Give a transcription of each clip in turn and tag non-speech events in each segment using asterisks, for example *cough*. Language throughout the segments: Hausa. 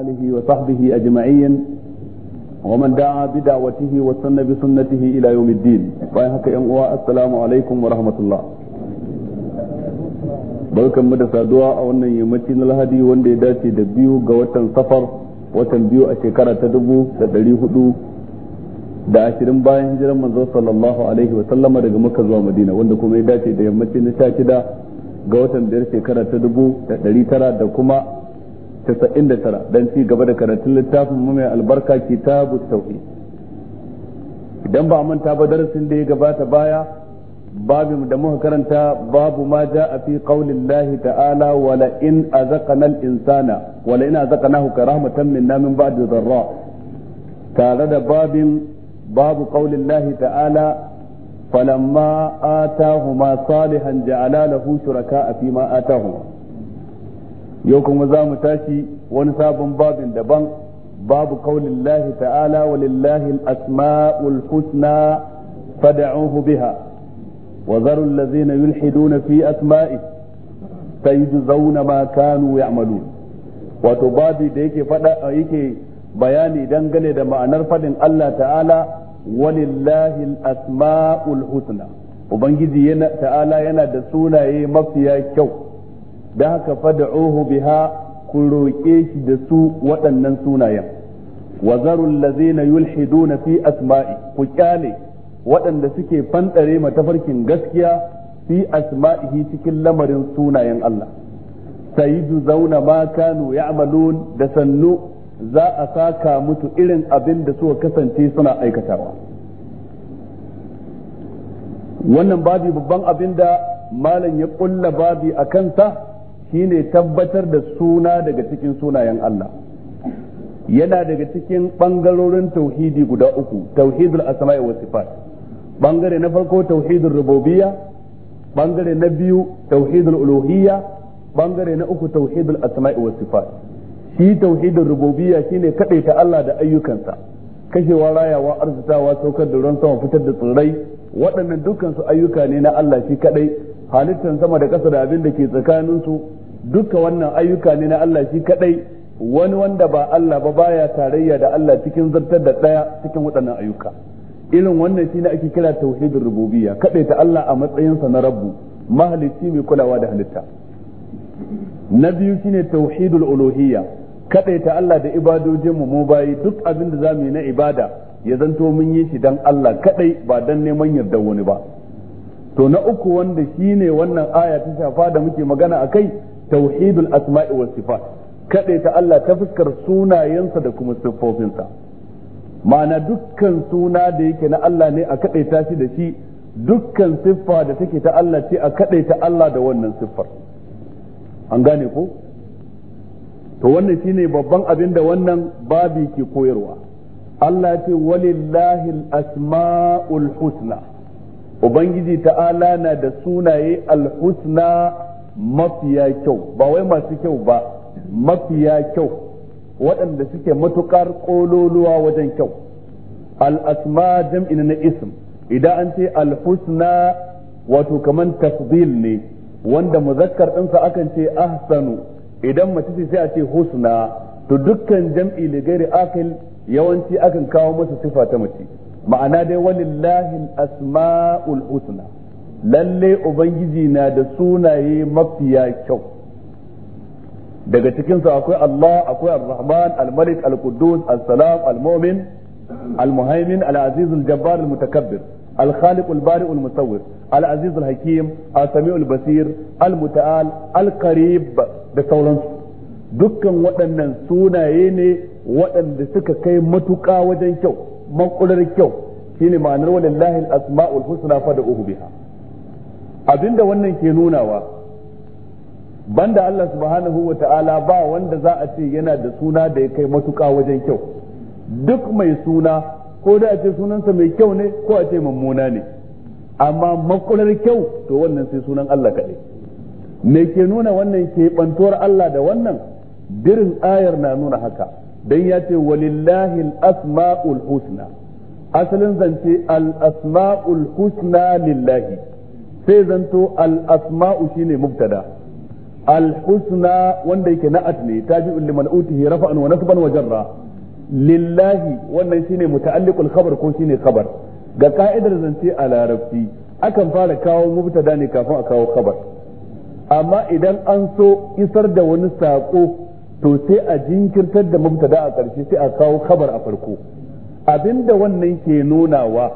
آله وصحبه أجمعين ومن دعا بدعوته وسن بسنته إلى يوم الدين بايحك السلام عليكم ورحمة الله barkan mu da saduwa a wannan yammaci na lahadi wanda ya dace da biyu ga watan safar watan biyu a shekara ta dubu da dari hudu da ashirin bayan hijiran manzo sallallahu alaihi wa sallama daga makka zuwa madina wanda kuma ya dace da yammaci na sha shida ga watan biyar shekara ta dubu da dari tara da kuma 99 dan ci gaba da karatun littafin mu mai albarka kitabut tauhid idan ba manta ba darasin da ya gabata baya babu da muka karanta babu ma a fi lahi ta'ala wala in azaqana al-insana wala in azaqnahu karahmatan minna min ba'di dharra tare da babin babu lahi ta'ala falamma atahuma salihan ja'ala lahu shuraka fi ma atahuma yau kuma za mu tashi wani sabon babin daban babu kaulin lahi ta'ala wa lillahi asma'ul husna fada'uhu biha wa zarul na yulhiduna fi asma'i zauna ma kanu amalu wato babi da yake fada yake bayani dangane da ma'anar fadin Allah ta'ala wa lillahi asma'ul husna ubangiji ta'ala yana da sunaye mafiya kyau da haka fad'uhu biha ku roƙe shi da su waɗannan sunayen wa zarul ladzina yulhiduna fi asma'i ku kyale waɗanda suke fantare matafarkin gaskiya fi asma'ihi cikin lamarin sunayen Allah sayidu zauna ma kanu ya'malun da sannu za a saka mutu irin abin da suka kasance suna aikatawa wannan babi babban abin da malam ya kulla babi a ta. shine tabbatar da suna daga cikin sunayen Allah yana daga cikin bangarorin tauhidi guda uku tauhidul asma'i wa sifat bangare na farko tauhidul rububiyya bangare na biyu tauhidul uluhiyya bangare na uku tauhidul asma'i wa sifat shi tauhidul rububiyya shine kadaita Allah da ayyukansa kashewa rayawa arzikawa saukar da ruwan sama fitar da tsirrai waɗannan dukkan su ayyuka ne na Allah shi kadai halittar sama da ƙasa da abin da ke tsakanin su duka wannan ayyuka ne na Allah shi kadai wani wanda ba Allah ba baya tarayya da Allah cikin zartar da ɗaya cikin waɗannan ayyuka irin wannan ne ake kira tauhidur rububiyya kadai ta Allah a matsayinsa na rabbu mahalicci mai kulawa da halitta na biyu shine tauhidul uluhiyya ta Allah da ibadojin mu mu bayi duk abin da zamu yi na ibada ya zanto mun yi shi dan Allah kadai ba dan neman yarda wani ba to na uku wanda shine wannan aya ta shafa da muke magana a akai tauhidul asma'i was sifat ta Allah ta fuskar sunayensa da kuma siffofinsa ma'ana dukkan suna da yake na Allah ne a ta shi da shi dukkan siffa da take ta Allah ce a ta Allah da wannan siffar an gane ko to wannan shine babban abin da wannan babi ke koyarwa Allah ce walillahi al-asma'ul husna ubangiji ta'ala na da sunaye alhusna mafiya kyau ba wai masu kyau ba mafiya kyau waɗanda suke matukar ƙololuwa wajen kyau al'asma jam'in na ism idan an ce alhusna wato kamar tafdil ne wanda muzakkar ɗinsa akan ce ahsanu idan mace ce sai a ce husna to dukkan jam'i da gairi akil yawanci akan kawo masa sifa ta mace ma'ana dai walillahi asma'ul husna lalle ubangiji na da sunaye mafiya kyau daga cikinsu akwai Allah akwai Ar-Rahman Al-Malik Al-Quddus Al-Salam Al-Mu'min Al-Muhaymin Al-Aziz Al-Jabbar Al-Mutakabbir الخالق البارئ المصور العزيز الحكيم السميع البصير المتعال القريب da sauransu dukkan waɗannan sunaye ne waɗanda suka kai matuƙa wajen kyau makular kyau shine ma'anar walillahi al-asma'ul husna fad'uhu biha abinda wannan ke nunawa banda Allah subhanahu wa ta'ala ba wanda za a ce yana da suna da ya kai matuƙa wajen kyau duk mai suna ko da a ce sunansa mai kyau ne ko a ce mummuna ne amma makular kyau to wannan sai sunan Allah kaɗai me ke nuna wannan ke bantuwar Allah da wannan birin ayar na nuna haka dan ya ce walillahi al-asma'ul husna asalin zance alasmaul husna lillahi sai zanto alasma'u shi shine mubtada al-husna wanda yake na'at ne ta tabi'un ya rafa rafa'an wa ban wajen ra. lillahi wannan shine muta'allikul khabar ko shine khabar ga ka'idar zance a larabci akan fara kawo mubtada ne kafin a kawo khabar amma idan an so isar da wani saƙo, to sai a jinkirtar da mubtada a ƙarshe sai a kawo khabar a farko abinda wannan ke nunawa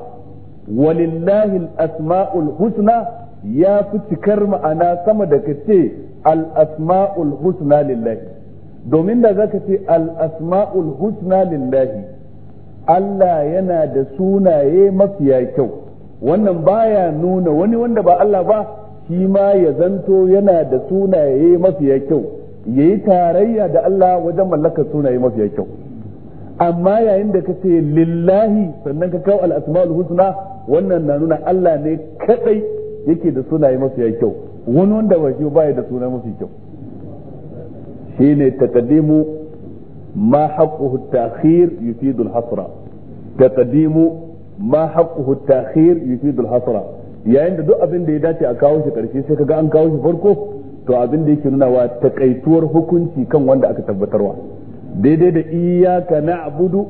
walillahi al-asma'ul husna ya fi cikar ma'ana sama da ka ce al-asma'ul husna lillahi domin da zaka ce al-asma'ul husna lillahi Allah yana da sunaye mafiya kyau wannan baya nuna wani wanda ba Allah ba shi ma ya zanto yana da sunaye mafiya kyau yayi tarayya da Allah wajen mallakar sunaye mafiya kyau amma yayin da ka ce lillahi sannan ka kawo al’asmaul asmaul husna wannan na nuna Allah ne kadai yake da sunaye mafi kyau wani wanda ba shi baya da suna mafi kyau shine taqdimu ma haqquhu at-ta'khir hasra ma haqquhu takhir hasra yayin da duk abin da ya dace a kawo shi karshe sai ka ga an kawo shi farko to abin da yake nuna wa takaituwar hukunci kan wanda aka tabbatarwa daidai da iyyaka na'budu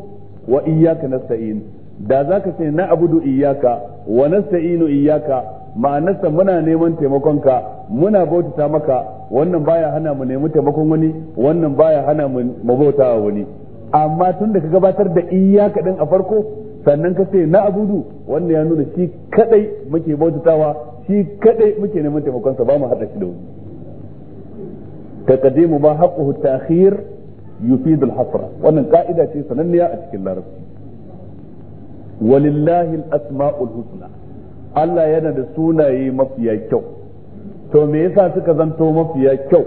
wa iyyaka nasta'in da zaka ce na'budu iyaka wa nasta'inu iyyaka ma'anarsa muna neman taimakonka muna bautata maka wannan baya hana mu nemi taimakon wani wannan baya hana mu bautawa wani amma tun da ka gabatar da iyyaka din a farko sannan ka ce na'budu wannan ya nuna shi kadai muke bautatawa shi kadai muke neman taimakonsa ba mu hada shi da wani taqdimu ba haqquhu ta'khir yufidul hasra wannan ka'ida ce sananniya a cikin larabci walillahi asmaul husna Allah yana da sunaye mafiya kyau to me yasa suka zanto mafiya kyau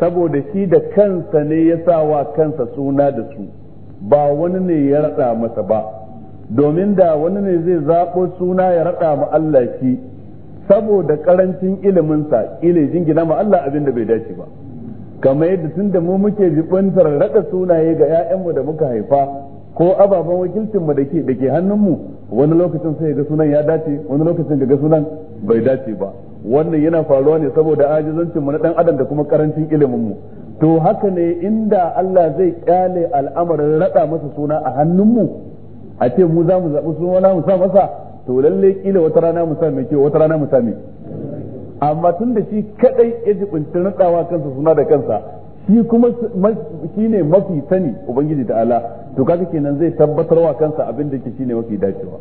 saboda shi da kansa ne ya sa wa kansa suna da su ba wani ne ya rada masa ba domin da wani ne zai zaɓo suna ya raɗa ma Allah shi saboda ƙarancin iliminsa ile jingina ma Allah abin da bai dace ba kamar yadda tun da mu muke jibantar raɗa sunaye ga 'ya'yanmu da muka haifa ko ababen wakilcinmu da ke da ke hannunmu wani lokacin sai ga sunan ya dace wani lokacin ga sunan bai dace ba wannan yana faruwa ne saboda ajizancinmu na dan adam da kuma karancin iliminmu to haka ne inda Allah zai kyale al'amarin raɗa masa suna a hannunmu a ce mu za mu zaɓi suna mu sa masa to lalle kila wata rana mu sa mai ke wata rana mu sa mai amma tun da shi kadai ya kuncin nadawa kansa suna da kansa shi kuma shi ne mafi sani ubangiji da ala to kaga kenan zai tabbatar tabbatarwa kansa abin da ke shi ne mafi dacewa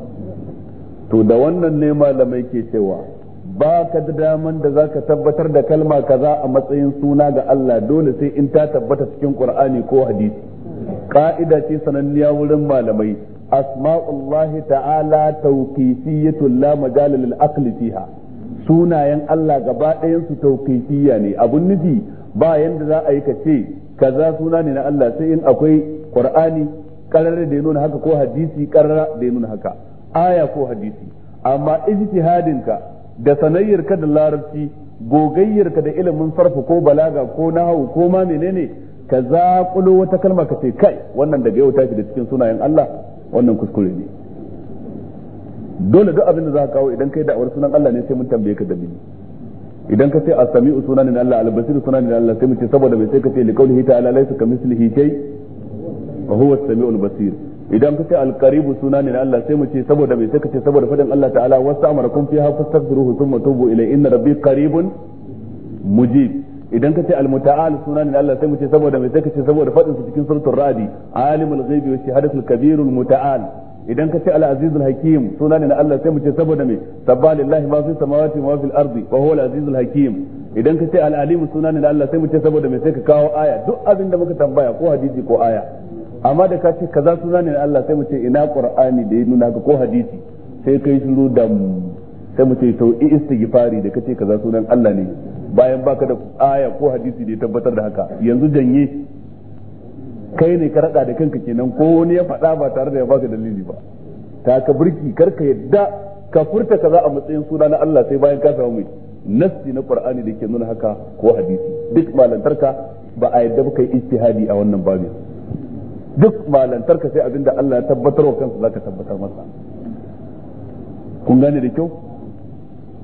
to da wannan ne malamai ke cewa ba ka da daman da za ka tabbatar da kalma kaza a matsayin suna ga Allah dole sai in ta tabbata cikin Qur'ani ko hadisi ka'ida ce sananniya wurin malamai asma'ullahi ta'ala tawqifiyyatul la majalil lil fiha sunayen Allah gaba ɗayan su ne abun nufi ba yanda za a yi ka ce kaza suna ne na Allah sai in akwai Qur'ani karara da ya nuna haka ko hadisi karara da ya nuna haka aya ko hadisi amma ijtihadin ka da sanayyar ka da larabci gogayyar ka da ilimin sarfa ko balaga ko nahawu ko ma menene ka zaƙulo wata kalma ka ce kai wannan daga yau ta da cikin sunayen Allah wannan kuskure ne dole duk abin da za ka kawo idan kai da'awar sunan Allah ne sai mun tambaye ka dalili idan ka ce as-sami'u sunan ne Allah al-basir sunan ne Allah sai mu ce saboda bai sai ka ce li qawlihi ta'ala laysa kamithlihi shay wa huwa as-sami'ul basir idan ka ce al-qaribu sunan ne Allah sai mu ce saboda bai sai ka ce saboda fadin Allah ta'ala wasta'amarakum fiha fastaghfiruhu thumma tubu ilayhi inna rabbi qaribun mujib idan ka ce almuta'al sunan ne Allah sai mu ce saboda mai sai ka ce saboda fadin su cikin suratul radi alimul ghaibi wa shahadatul kabirul muta'al idan ka ce al-azizul hakim suna ne na Allah sai mu ce saboda me sabba lillahi ma fi samawati wa fil ardi wa huwa al-azizul hakim idan ka ce al-alim suna ne na Allah sai mu ce saboda me sai ka kawo aya duk abin da muka tambaya ko hadisi ko aya amma da ka ce kaza suna ne na Allah sai mu ce ina qur'ani da ya nuna ko hadisi sai kai shiru mu sai mu ce to istighfari da kace kaza sunan Allah ne bayan baka da aya ko hadisi da ya tabbatar da haka yanzu janye kai ne ka rada da kanka kenan ko wani ya faɗa ba tare da ya baka dalili ba ta ka burki kar ka yadda ka furta kaza a matsayin suna na Allah sai bayan ka samu mai nassi na Qur'ani da ke nuna haka ko hadisi duk malantarka ba a yadda kai ijtihadi a wannan babin duk malantarka sai abinda Allah ya tabbatar wa kansa zaka tabbatar masa kun gane da kyau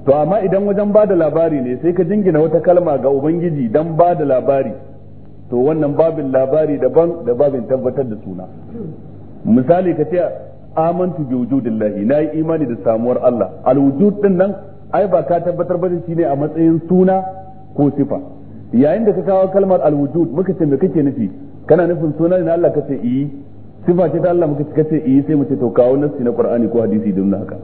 to amma idan wajen bada labari ne sai ka jingina wata kalma ga ubangiji dan bada labari to wannan babin labari daban da babin tabbatar da suna misali ka ce amantu bi wujudillahi nayi imani da samuwar Allah alwujud din nan ai ba ka tabbatar ba shine a matsayin suna ko sifa yayin da ka kawo kalmar alwujud muka ce me kake nufi kana nufin suna ne na Allah ka ce eh sifa ce ta Allah muka ce kace eh sai mu ce to kawo nassi na Qur'ani ko hadisi din haka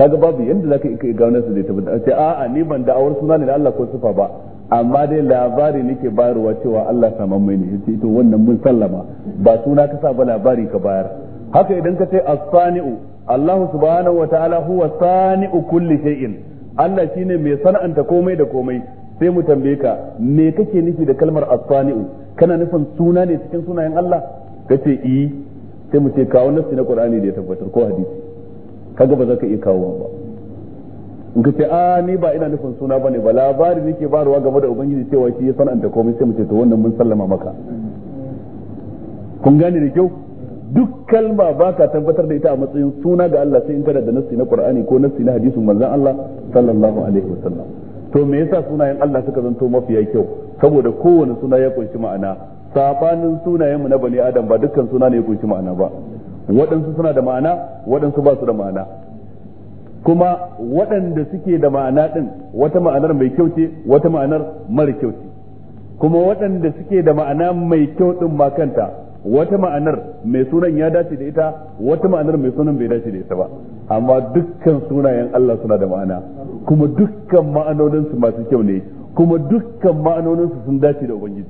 kaga babu yanda zaka iya gano su da tabbata ce a'a ni ban da'awar suna ne na Allah ko sifa ba amma dai labari nake bayarwa cewa Allah saman mai ne sai to wannan mun sallama ba suna ka sa ba labari ka bayar haka idan ka ce as-sani'u Allah subhanahu wa ta'ala huwa sani'u kulli shay'in Allah shine mai sana'anta komai da komai sai mu tambaye ka me kake nufi da kalmar as-sani'u kana nufin suna ne cikin sunayen Allah kace i eh. sai mu ce kawo nasi na Qur'ani da ya tabbatar ko hadisi kaga ba za ka iya kawo ba in ka ce a ah, ni ba ina nufin suna bane ba labari nake barwa game da ubangiji cewa shi ya sananta komai sai mu ce to wannan mun sallama maka kun gane da kyau duk kalma ba ka tabbatar da ita a matsayin suna ga Allah sai in kada da nassi na Qur'ani ko nassi na hadisin manzon Allah sallallahu alaihi wasallam to me yasa sunayen Allah suka zanto mafiya kyau saboda kowane suna ya kunshi ma'ana sabanin sunayen mu na bani adam ba dukkan suna ne ya kunshi ma'ana ba waɗansu suna da ma'ana waɗansu ba su da ma'ana kuma waɗanda suke da ma'ana ɗin wata ma'anar mai kyau ce wata ma'anar mara kyau ce kuma waɗanda suke da ma'ana mai kyau ɗin ma kanta wata ma'anar mai sunan ya dace da ita wata ma'anar mai sunan bai dace da ita ba amma dukkan sunayen Allah suna da ma'ana kuma dukkan ma'anoninsu masu kyau ne kuma dukkan ma'anoninsu sun dace da ubangiji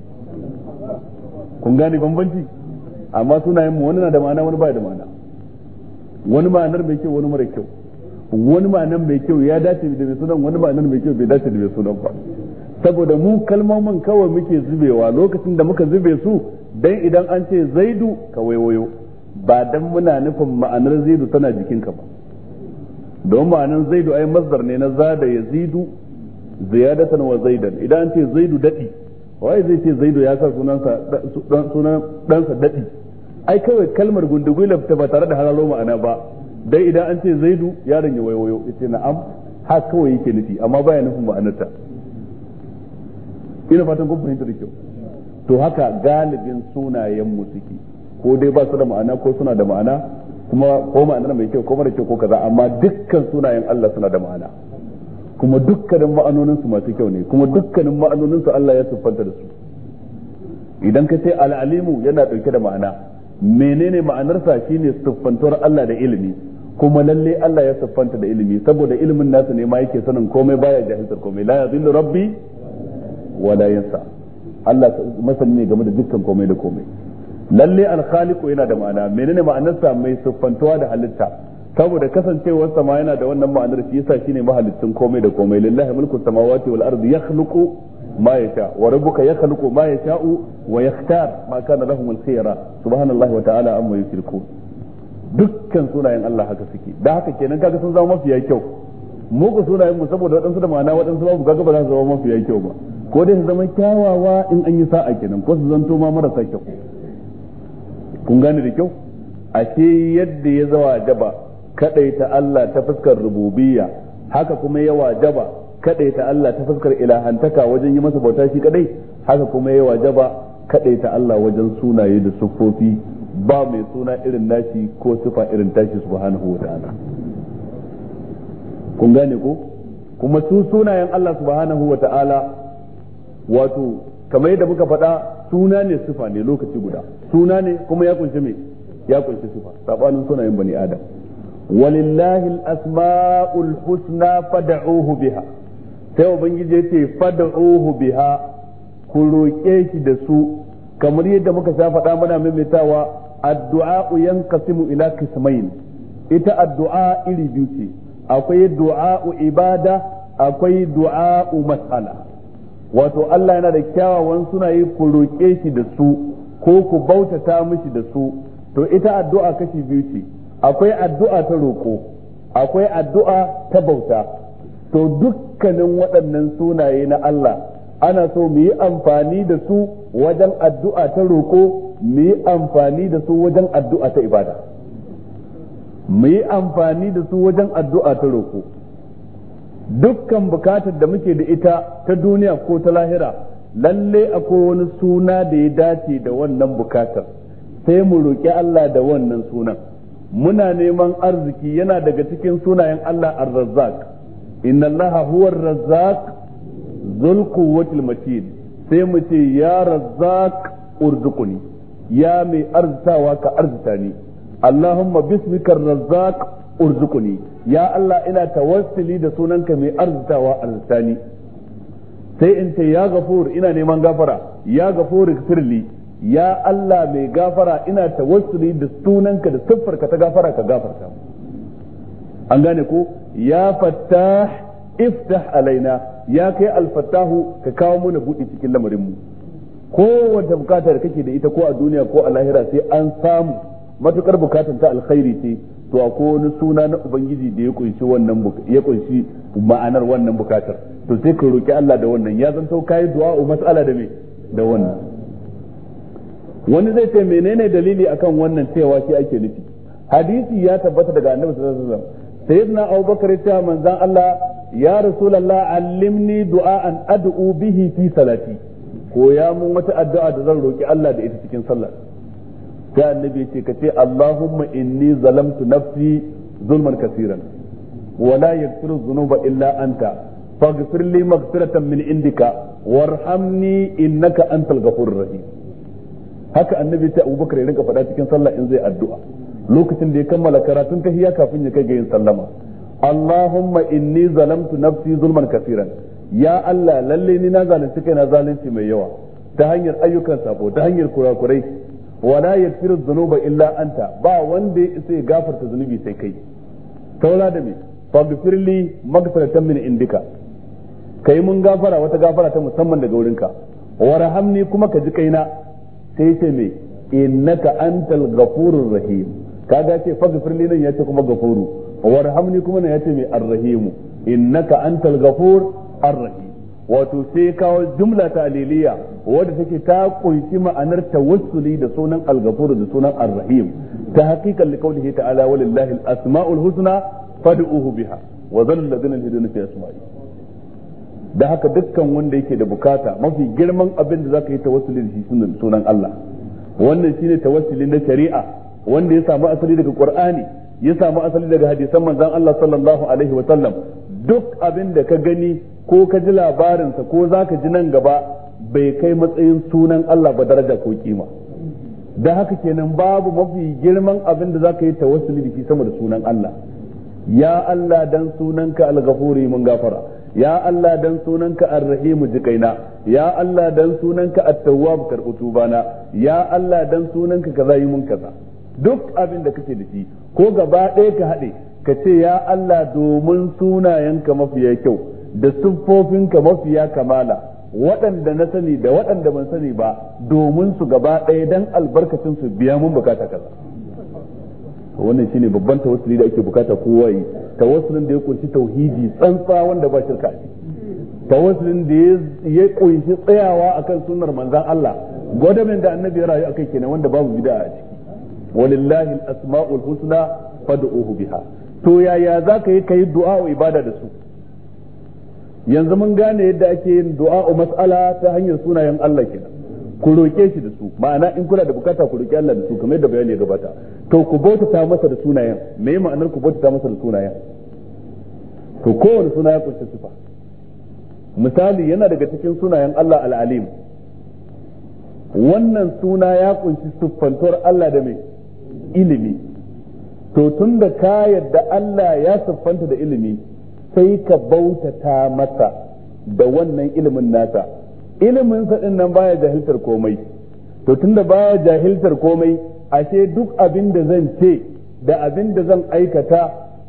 kun gane bambanci amma sunayen mu wani na da ma'ana wani ba da ma'ana wani ma'anar mai kyau wani mara kyau wani nan mai kyau ya dace da mai sunan wani nan mai kyau bai dace da mai sunan ba saboda mu kalmomin kawai muke zubewa lokacin da muka zube su dan idan an ce zaidu ka waiwayo ba dan muna nufin ma'anar zaidu tana jikinka ba don ma'anar zaidu ai masdar ne na zada ya zidu ziyadatan wa zaidan idan an ce zaidu dadi wai zai ce zaidu ya sa sunansa sunan dansa dadi ai kawai kalmar gundugulan ta ba tare da halalo ma'ana ba dai idan an ce zaidu yaron ya wayo yace na'am ha kawai yake nufi amma baya nufin ma'anarta ina fatan kun fahimta da kyau to haka galibin sunayen mu suke ko dai ba su da ma'ana ko suna da ma'ana kuma ko ma'anar mai kyau ko mara kyau ko kaza amma dukkan sunayen Allah suna da ma'ana kuma dukkanin ma'anonin su masu kyau ne kuma dukkanin ma'anonin su Allah ya siffanta da su idan ka ce al'alimu yana dauke da ma'ana menene ma'anarsa shine siffantuwar Allah da ilimi kuma lalle Allah ya siffanta da ilimi saboda ilimin nasa ne ma yake sanin komai baya jahiltar komai la yadhillu rabbi wala yansa Allah masani ne game da dukkan komai da komai lalle al-khaliqu yana da ma'ana menene ma'anarsa mai siffantuwa da halitta saboda kasancewar sama yana da wannan ma'anar shi yasa shine mahalicin komai da komai lillahi mulku samawati wal ardi yakhluqu ma yasha wa rabbuka yakhluqu ma yasha'u wa yakhtar ma kana lahum al-khiyara subhanallahi wa ta'ala amma yushrikun dukkan sunayen Allah haka suke da haka kenan kaga sun zama mafiya kyau mu ku sunayen mu saboda waɗansu da ma'ana waɗansu babu kaga ba za su zama mafiya kyau ba ko dai su zama kyawawa in an yi sa'a kenan ko su zanto ma marasa kyau kun gane da kyau ce yadda ya zawa jaba kadaita Allah ta fuskar rububiyya haka kuma ya wajaba kadaita Allah ta fuskar ilahantaka wajen yi masa bauta shi kadai haka kuma ya wajaba kadaita Allah wajen sunaye da siffofi ba mai suna irin nashi ko sifa irin tashi subhanahu wa ta'ala kun gane ko kuma su sunayen Allah subhanahu wa ta'ala wato kamar yadda muka faɗa suna ne sifa ne lokaci guda suna ne kuma ya kunshi me ya kunshi sifa sabanin sunayen bani adam walillahi al-asma'ul husna fad'uhu biha sai ubangiji yace fad'uhu biha ku roƙe shi da su kamar yadda muka sha faɗa muna maimaitawa addu'a kasimu ila kismain ita addu'a iri biyu ce akwai du'a ibada akwai du'a mas'ala wato Allah yana da kyawawan yi ku roƙe shi da su ko ku bautata mishi da su to ita addu'a kashi biyu ce akwai addu'a ta roƙo akwai addu'a ta bauta to dukkanin waɗannan sunaye na Allah ana so mu yi amfani da su wajen addu'a ta roƙo mu yi amfani da su wajen addu'a ta ibada mu yi amfani da su wajen addu'a ta roƙo. dukkan bukatar da muke da ita ta duniya ko ta lahira lalle akwai wani suna da ya dace da wannan bukatar sai mu roƙi Allah da wannan sunan muna neman arziki yana daga cikin sunayen Allah ar-razzaq inna Allah huwa ar-razzaq dhul matin sai mu ce ya razzaq urzuquni ya mai arzitawa ka arzita ni Allahumma bismikar razzaq urzuquni ya Allah ina tawassuli da sunanka mai arzitawa sai in ce ya gafur ina neman gafara ya gafur firli ya Allah mai gafara ina tawassuli da sunanka da siffarka ta gafara ka gafarta an gane ko ya fattah iftah alaina ya kai alfattahu ka kawo mana buɗe cikin lamarin mu kowace bukata da kake da ita ko a duniya ko a lahira sai an samu matukar bukatar ta alkhairi ce to ko wani suna na ubangiji da ya kunshi wannan ya kunshi ma'anar wannan bukatar to sai ka roki Allah da wannan ya zanto kai du'a mas'ala da me da wannan wani zai ce menene dalili akan wannan cewa shi ake nufi hadisi ya tabbata daga annabi sallallahu alaihi wasallam sayyidina abubakar ya ce manzon Allah ya rasulullah allimni du'a an ad'u bihi fi salati koya mun wata addu'a da zan roki Allah da ita cikin sallah sai annabi ce ka ce Allahumma inni zalamtu nafsi zulman kasiran wa la yaghfiru dhunuba illa anta faghfir li maghfiratan min indika warhamni innaka antal ghafurur rahim haka annabi ta Abubakar ya rinka faɗa cikin sallah in zai addu'a lokacin da ya kammala karatun tahiyya kafin ya kai ga yin sallama Allahumma inni zalamtu nafsi zulman kasiran ya Allah lalle ni na zalunci kai na zalunci mai yawa ta hanyar ayyukan sabo ta hanyar kurakurai wala yaghfiru dhunuba illa anta ba wanda ya isa ya gafarta zunubi sai kai taula da me bifirli magfiratan min indika kai mun gafara wata gafara ta musamman daga wurinka warhamni kuma ka ji kaina sai ce me innaka antal ghafurur rahim kaga ce bifirli nan yace kuma ghafuru warhamni kuma nan yace me arrahimu innaka antal ghafur ar-rahim wato sai kawo jumla taliliya wadda take ta kunshi ma'anar tawassuli da sunan al-ghafur da sunan ar-rahim ta hakikan li qawlihi ta'ala walillahi al-asma'ul husna fad'uhu biha wa zallu ladina yaduna fi asma'i da haka dukkan wanda yake da bukata mafi girman abin da zaka yi tawassuli da shi sunan Allah wannan shine tawassuli na shari'a wanda ya samu asali daga Qur'ani ya samu asali daga hadisan manzon Allah sallallahu alaihi wa sallam duk abin da ka gani ko ka ji labarinsa ko za ka ji nan gaba bai kai matsayin sunan Allah ba daraja ko kima da haka kenan babu mafi girman abin da za ka yi ta wasu shi sama da sunan Allah ya Allah dan sunanka al-ghafuri mun gafara ya Allah dan sunanka ar-rahimu jikaina ya Allah dan sunanka at-tawwab karbutu bana ya Allah dan sunanka kaza yi mun kaza duk abin da kake da shi ko gaba ɗaya ka haɗe ka ce ya Allah domin sunayenka mafiya kyau da siffofinka mafiya kamala waɗanda na sani da waɗanda ban sani ba domin su gaba ɗaya dan albarkacin su biya mun bukata kaza wannan shine babban tawassuli da ake bukata kowa yi tawassulin da ya kunshi tauhidi tsantsa wanda ba shirka tawassulin da ya kunshi tsayawa akan sunnar manzon Allah gwadamin da annabi ya rayu akai kenan wanda babu bid'a a ciki walillahi al-asma'ul husna fad'uhu biha to yaya zaka yi kai du'a ibada da su yanzu mun gane yadda ake yin du'a mas'ala ta hanyar sunayen Allah kenan ku roke shi da su ma'ana in kula da bukata ku roki Allah da su kamar yadda bayani ya gabata to ku bautata masa da sunayen me ma'anar ku bautata masa da sunayen to kowane suna ya kunshi sifa misali yana daga cikin sunayen Allah al-alim wannan suna ya kunshi siffantuwar Allah da mai ilimi to tun da ka yadda Allah ya siffanta da ilimi sai ka bautata masa da wannan ilimin nasa ilimin sa din nan baya jahiltar komai to tunda baya jahiltar komai ashe duk abin da zan ce da abin da zan aikata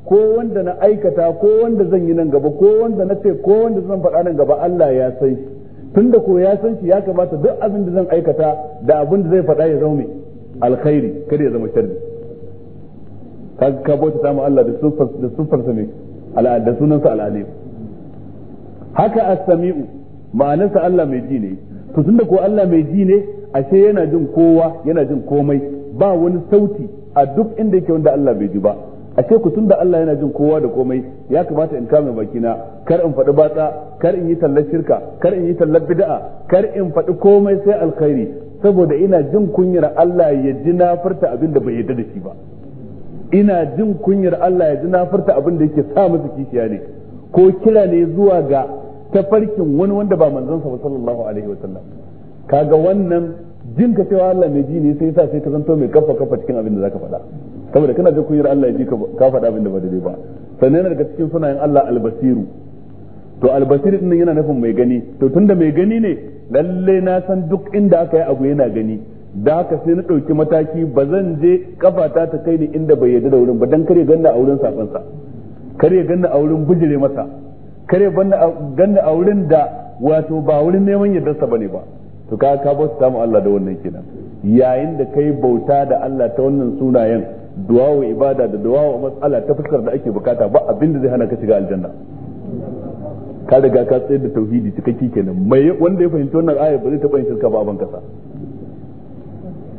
ko wanda na aikata ko wanda zan yi nan gaba ko wanda na ce ko wanda zan faɗa nan gaba Allah ya san shi tunda ko ya san shi ya kamata duk abin da zan aikata da abin da zai faɗa ya zama alkhairi kada ya zama sharri kaga ka bauta ta mu Allah da sufar da sufar sa ne Al'adar da sunansa al'alim haka as-sami'u ma'anarsa Allah mai ji ne to tunda ko Allah mai ji ne ashe yana jin kowa yana jin komai ba wani sauti a duk inda yake wanda Allah bai ji ba ashe ku tunda Allah yana jin kowa da komai ya kamata in kame bakina kar in faɗi batsa kar in yi tallar shirka kar in yi tallar bid'a kar in faɗi komai sai alkhairi saboda ina jin kunyar Allah ya ji na furta abin da bai yarda da shi ba ina jin kunyar Allah ya ji na furta abin da yake sa masa kishiya ne ko kira ne zuwa ga tafarkin wani wanda ba manzon sa sallallahu alaihi wa sallam kaga wannan jin ka cewa Allah mai ji ne sai sa sai ka zanto mai kafa kafa cikin abin da zaka faɗa saboda kana jin kunyar Allah ya ji ka faɗa abin da ba daidai ba sannan daga cikin sunayen Allah albasiru to albasiru din yana nufin mai gani to tunda mai gani ne lalle na san duk inda aka yi abu yana gani da haka sai na ɗauki mataki ba zan je kafata ta kai ni inda bai yarda da wurin ba dan kare ganna a wurin safansa kare ganna a wurin bujire masa kare ganna a wurin da wato ba wurin neman yardarsa bane ba to ka ka bauta samu Allah da wannan kenan yayin da kai bauta da Allah ta wannan sunayen duwawo ibada da wa matsala ta fuskar da ake bukata ba abin da zai hana ka shiga aljanna ka riga ka tsayar da tauhidi cikakke kenan mai wanda ya fahimci wannan ayar ba zai taɓa yin shirka ba a bankasa kasa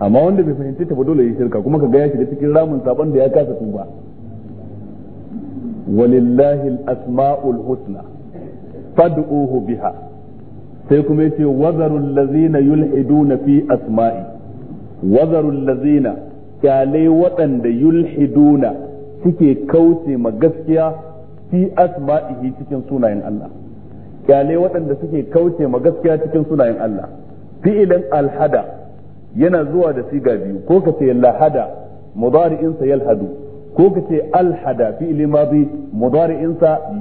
amma wanda bai fahimci ta ba dole ya shirka kuma ka ga ya da cikin ramin sabon da ya kasa tuba walillahi al-asma'ul husna fad'uhu biha sai kuma yace wazaru allazina yulhiduna fi asma'i wazaru allazina kyale waɗanda yulhiduna suke kauce ma gaskiya fi asma'ihi cikin sunayen Allah kyale waɗanda suke kauce ma gaskiya cikin sunayen Allah fi ilan alhada yana zuwa da siga biyu ko ka ce lahada mudari'insa yalhadu ko ka ce alhada fi madi mudari'in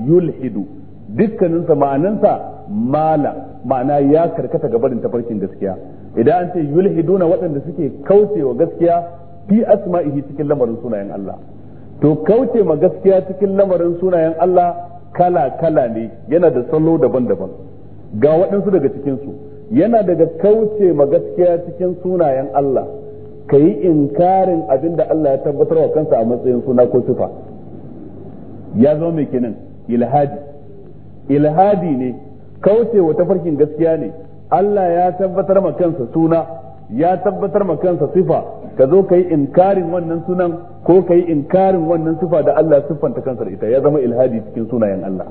yulhidu dukkanin dukkaninsa ma'anansa mala ma'ana ya karkata barin tafarkin gaskiya idan an ce na waɗanda suke kaucewa gaskiya fi asma'ihi cikin lamarin sunayen Allah to kauce ma gaskiya cikin lamarin sunayen Allah kala kala ne yana da salo daban-daban ga waɗansu daga cikin su yana daga kauce ma gaskiya cikin sunayen Allah ka yi inkarin abin da Allah ya tabbatar wa kansa a matsayin suna ko sufa ya zo mai kinin ilhadi ilhadi ne kauce wa tafarkin gaskiya ne Allah ya tabbatar ma kansa suna ya tabbatar ma kansa sifa ka zo ka yi inkarin wannan sunan ko ka yi inkarin wannan sifa da Allah siffanta kansa da ita ya zama ilhadi cikin sunayen Allah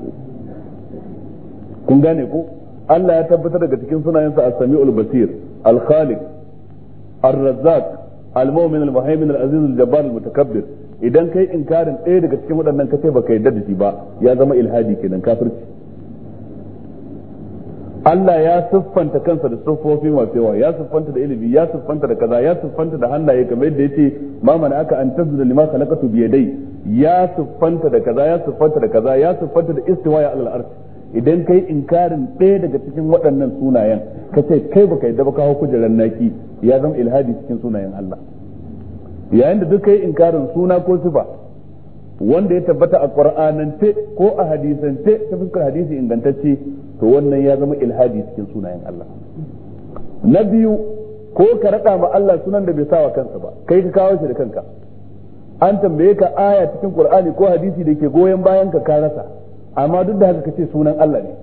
kun gane ku. Allah ya tabbatar daga cikin sunayensa a samiul basir al-khaliq ar-razzaq al-mu'min al-muhaymin al-aziz al-jabbar al-mutakabbir idan kai inkarin ɗaya daga cikin waɗannan kace baka yarda da shi ba ya zama ilhadi kenan kafirci Allah ya siffanta kansa da siffofi masu yawa ya siffanta da ilimi ya siffanta da kaza ya siffanta da hannaye kamar yadda yace ma mana aka an tazzu lima khalaqatu biyadai ya siffanta da kaza ya siffanta da kaza ya siffanta da istiwa ya al idan kai inkarin ɗaya daga cikin waɗannan sunayen ka ce kai baka yadda ba kawo kujerar naki ya zama ilhadi cikin sunayen Allah yayin da duk kai inkarin suna ko sifa wanda ya tabbata a qur'anance ko a hadisance ta fuskar hadisi ingantacce to wannan ya zama ilhadi cikin sunayen Allah na biyu ko ka raɗa ma Allah sunan da bai sa wa kansa ba kai ka kawo shi da kanka an tambaye ka aya cikin qur'ani ko hadisi da ke goyon bayan ka ka rasa amma duk da haka kace sunan Allah ne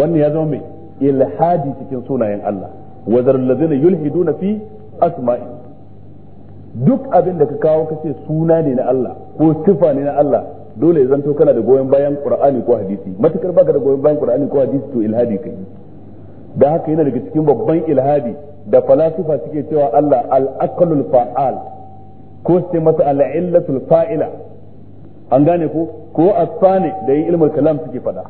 wannan ya zama mai ilhadi cikin sunayen Allah wa zarul ladina yulhiduna fi asma'i duk abin da ka kawo kace suna ne na Allah ko sifa ne na Allah dole ya zanto kana da goyon bayan Qur'ani ko hadisi matukar baka da goyon bayan Qur'ani ko hadisi to ilhadi kai da haka yana daga cikin babban ilhadi da falasifa suke cewa Allah al-aqlul fa'al ko sai masa al-illatul fa'ila an gane ko ko asfane da yin ilmul kalam suke faɗa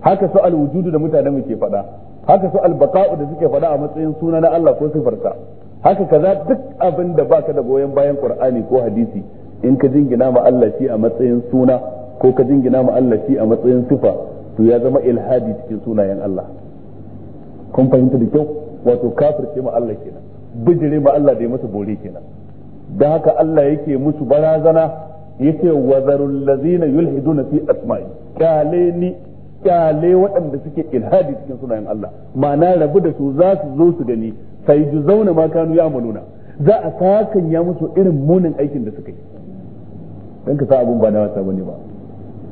haka su alwujudu da mutanen muke ke faɗa haka su albaqa'u da suke faɗa a matsayin suna na Allah ko sifarsa haka kaza duk abin da baka da goyon bayan Qur'ani ko hadisi in ka jingina ma Allah shi a matsayin suna ko ka jingina ma Allah shi a matsayin sifa to ya zama ilhadi cikin sunayen Allah kun fahimta da kyau wato kafirce ma Allah kenan bijire ma Allah da ya masa bore kenan dan haka Allah yake musu barazana yace wa ladina yulhiduna fi asma'i kyale ni kyale waɗanda suke ilhadi cikin sunayen Allah ma'ana rabu da su za su zo su gani sai ju zauna ma kanu ya amaluna za a sakan ya musu irin munin aikin da suka yi dan ka sa abun ba na wasa bane ba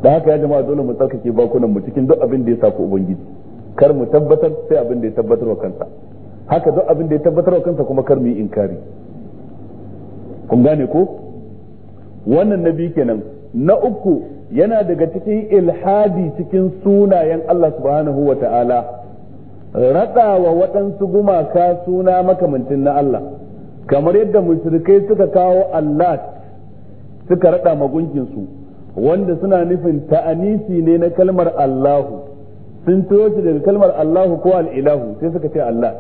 da haka ya jama'a dole mu tsarkake bakunan mu cikin duk abin da ya saku ubangiji kar mu tabbatar sai abin da ya tabbatar wa kansa haka duk abin da ya tabbatar wa kansa kuma kar mu yi inkari kun gane ko wannan na kenan na uku yana daga cikin ilhadi cikin sunayen Allah subhanahu wa ta'ala raɗawa waɗansu gumaka suna makamantin na Allah kamar yadda musulkai suka kawo Allah suka raɗa magunkinsu wanda suna nufin ta'anisi ne na kalmar Allahu sun ciro shi daga kalmar Allahu ko al'ilahu sai suka ce Allah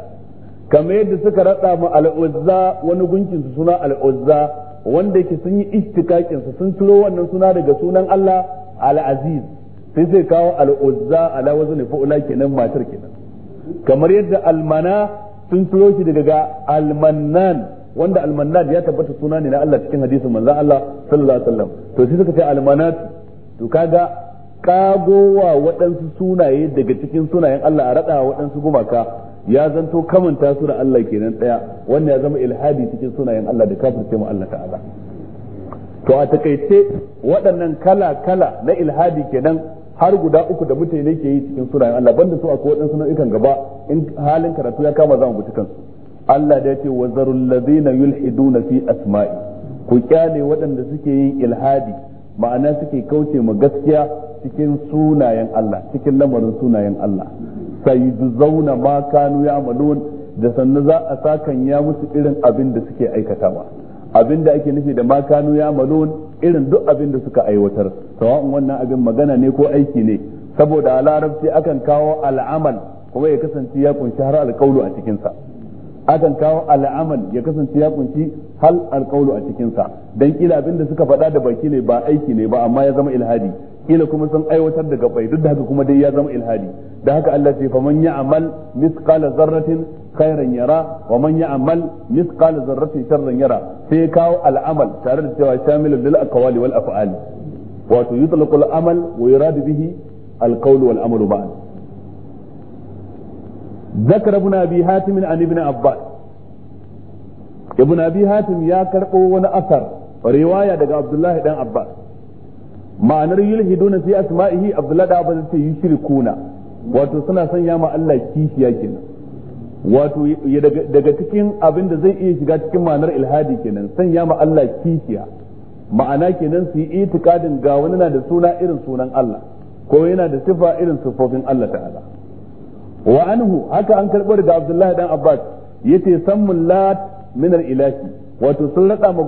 kamar yadda suka raɗa ma al'uzza wani gunkinsu suna al'uzza wanda yake sun yi ittikakin sa sun tiro wannan suna daga sunan Allah al-aziz sai sai kawo al-uzza ala wazn fa'ula kenan matar kenan kamar yadda almana sun tiro shi daga al-Mannan wanda al-Mannan ya tabbata suna ne na Allah cikin hadisin manzon Allah sallallahu alaihi wasallam to sai suka ce al-Manat to kaga kagowa waɗansu sunaye daga cikin sunayen Allah a raɗa waɗansu gumaka ya zanto kamanta su da Allah kenan daya wanda ya zama ilhadi cikin sunayen Allah da kafirce mu Allah ta'ala to a takaice waɗannan kala kala na ilhadi kenan har guda uku da mutane ke yi cikin sunayen Allah banda su akwai waɗansu nau'ikan gaba in halin karatu ya kama zama mu kansu Allah da ya ce wa zarul ladina yulhiduna fi asma'i ku kyale waɗanda suke yin ilhadi ma'ana suke kauce ma gaskiya cikin sunayen Allah cikin lamarin sunayen Allah sayujzauna ma kanu ya'malun da sannan za a sakan ya musu irin abin da suke aikatawa abin da ake nufi da ma kanu ya'malun irin duk abin da suka aiwatar sawa'un wannan abin magana ne ko aiki ne saboda a larabci akan kawo al'amal kuma ya kasance ya kunshi har alƙaulu a cikinsa akan kawo al'amal ya kasance ya kunshi har alkaulu a cikinsa dan kila abin da suka faɗa da baki ne ba aiki ne ba amma ya zama ilhadi kila kuma sun aiwatar da gabai duk da haka kuma dai ya zama ilhadi da haka Allah ce fa man ya'mal mithqala zarratin khairan yara wa man ya ya'mal mithqala zarratin sharran yara sai kawo al'amal tare da cewa shamilun lil aqwali wal af'al wato yutlaqu amal wa yuradu bihi al-qawl wal amalu ba'd ذكر ابن ابي حاتم عن ابن عباس ابن ابي حاتم يا كربو وانا اثر روايه daga Abdullahi dan Abbas ma'anar duna fi asma'ihi abdullada da zai ce yushrikuna wato suna sanya ma Allah kishiya kenan wato daga cikin abin da zai iya shiga cikin ma'anar ilhadi kenan sanya ma Allah kishiya ma'ana kenan su yi itikadin ga wani na da suna irin sunan Allah ko yana da sifa irin sifofin Allah ta'ala wa anhu haka an karɓar da Abdullahi dan Abbas yace sammun lat min al-ilahi wato sun rada ma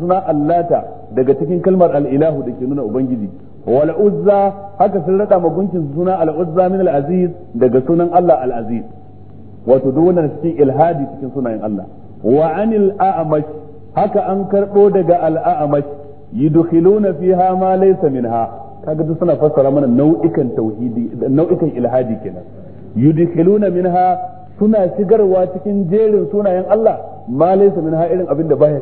suna allata daga cikin kalmar al'ilahu da ke nuna ubangiji wal uzza haka sun rada ma suna al-uzza min al-aziz daga sunan Allah al-aziz wato duk wannan cikin ilhadi cikin sunayen Allah wa anil a'mash haka an karbo daga al-a'mash yudkhiluna fiha ma laysa minha kaga duk suna fassara mana nau'ikan tauhidi nau'ikan ilhadi kenan yudkhiluna minha suna shigarwa cikin jerin sunayen Allah ma laysa min ha irin abin da baya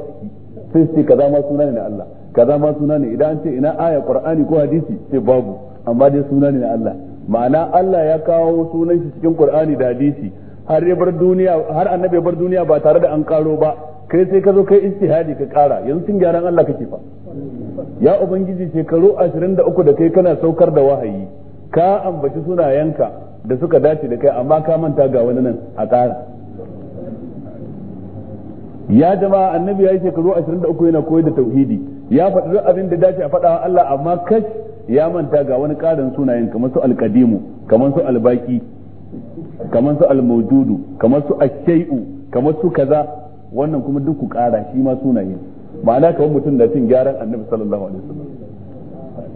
ciki sai sai kaza ma suna ne na Allah kaza ma suna ne idan an ce ina aya qur'ani ko hadisi sai babu amma dai suna ne na Allah ma'ana Allah ya kawo sunan shi cikin qur'ani da hadisi har ya bar duniya har annabi ya bar duniya ba tare da an karo ba kai sai ka zo kai istihadi ka kara yanzu tun gyaran Allah kake fa ya ubangiji shekaru 23 da kai kana saukar da wahayi ka ambaci sunayenka da suka dace da kai amma ka manta ga wani nan a kara ya jama'a annabi ya yi shekaru 23 yana koyar da tauhidi ya faɗi duk abin da dace a faɗawa Allah amma kash ya manta ga wani ƙarin sunayen kamar su alƙadimu kamar su albaki kamar su almawjudu kamar su ashay'u kamar su kaza wannan kuma duk ku ƙara shi ma sunaye ma'ana kamar mutum da cin gyaran annabi sallallahu alaihi wasallam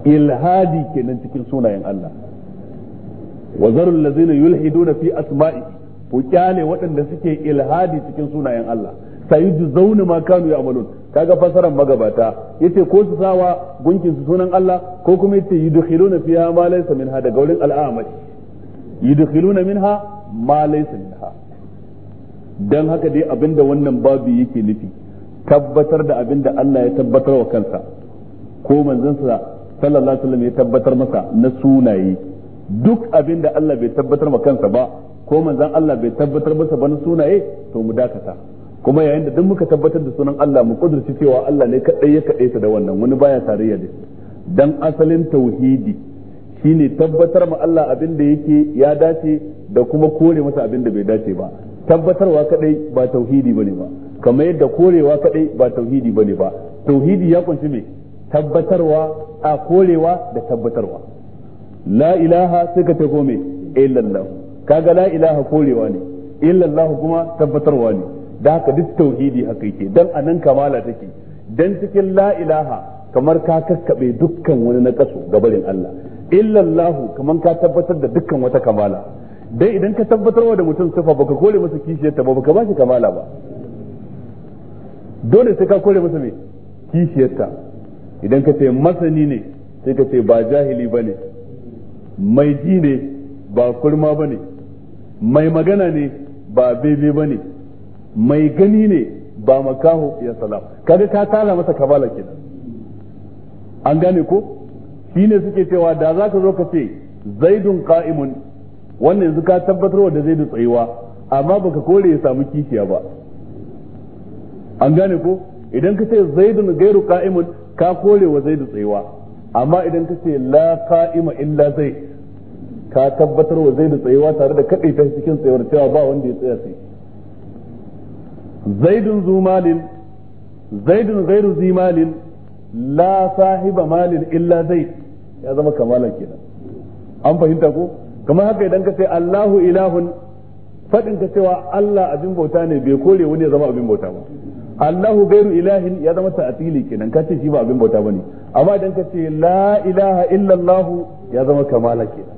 ilhadi kenan cikin sunayen Allah wa zarul ladzina yulhiduna fi asma'i ku kyale waɗanda suke ilhadi cikin sunayen Allah zauna ma kanu ya ya'malun kaga fasaran magabata yace ko su sawa gunkin su sunan Allah ko kuma yace yudkhiluna fiha ma laysa minha daga wurin al'amari yudkhiluna minha ma laysa minha dan haka dai abinda wannan babu yake nufi tabbatar da abinda Allah ya tabbatar wa kansa ko sa sallallahu alaihi wasallam ya tabbatar masa na sunaye duk abinda Allah bai tabbatar wa kansa ba ko manzon Allah bai tabbatar masa ba na sunaye to mu dakata kuma yayin da duk muka tabbatar da sunan Allah mu kudurci cewa Allah ne kadai ya kadai ta da wannan wani baya tarayya da dan asalin tauhidi shine tabbatar ma Allah abin da yake ya dace da kuma kore masa abin da bai dace ba tabbatarwa kadai ba tauhidi bane ba kamar yadda korewa kadai ba tauhidi bane ba tauhidi ya kunshi me tabbatarwa a korewa da tabbatarwa la ilaha sai ka ce ko me illallah kaga la ilaha korewa ne illallah kuma tabbatarwa ne da haka duk tauhidi haka yake dan anan kamala take dan cikin la ilaha kamar ka kakkabe dukkan wani na ga gabarin Allah illallahu kamar ka tabbatar da dukkan wata kamala dai idan ka tabbatar da mutum sifa baka kore masa kishiyarta ba baka bashi kamala ba dole sai ka kore masa me kishiyarta idan ka ce masani ne sai ka ce ba jahili ba ne mai ji ne ba kurma ba ne mai magana ne ba bebe ba ne mai gani ne ba makaho ya salam kaga ta tara masa kabala kenan an gane ko shine suke cewa da za ka zo ka ce zaidun qa'imun wannan yanzu ka wa da zaidu tsayuwa amma baka kore ya samu kishiya ba an gane ko idan ka ce zaidun gairu qa'imun ka kore wa zaidu tsayuwa amma idan ka ce la qa'ima illa zaid ka tabbatar wa zaidu tsayuwa tare da kadaita cikin tsayuwar cewa ba wanda ya tsaya sai zaidun zu malin zaidun ghairu malin la sahiba malin illa zaid ya zama kamala kenan an fahimta ko kamar haka idan ka ce Allahu ilahun fadin ka cewa Allah abin bauta ne bai kore wani ya zama abin bauta ba Allahu gairu ilahin ya zama ta'atili kenan ka shi ba abin bauta bane amma idan ka ce la ilaha illallah ya zama kamala kenan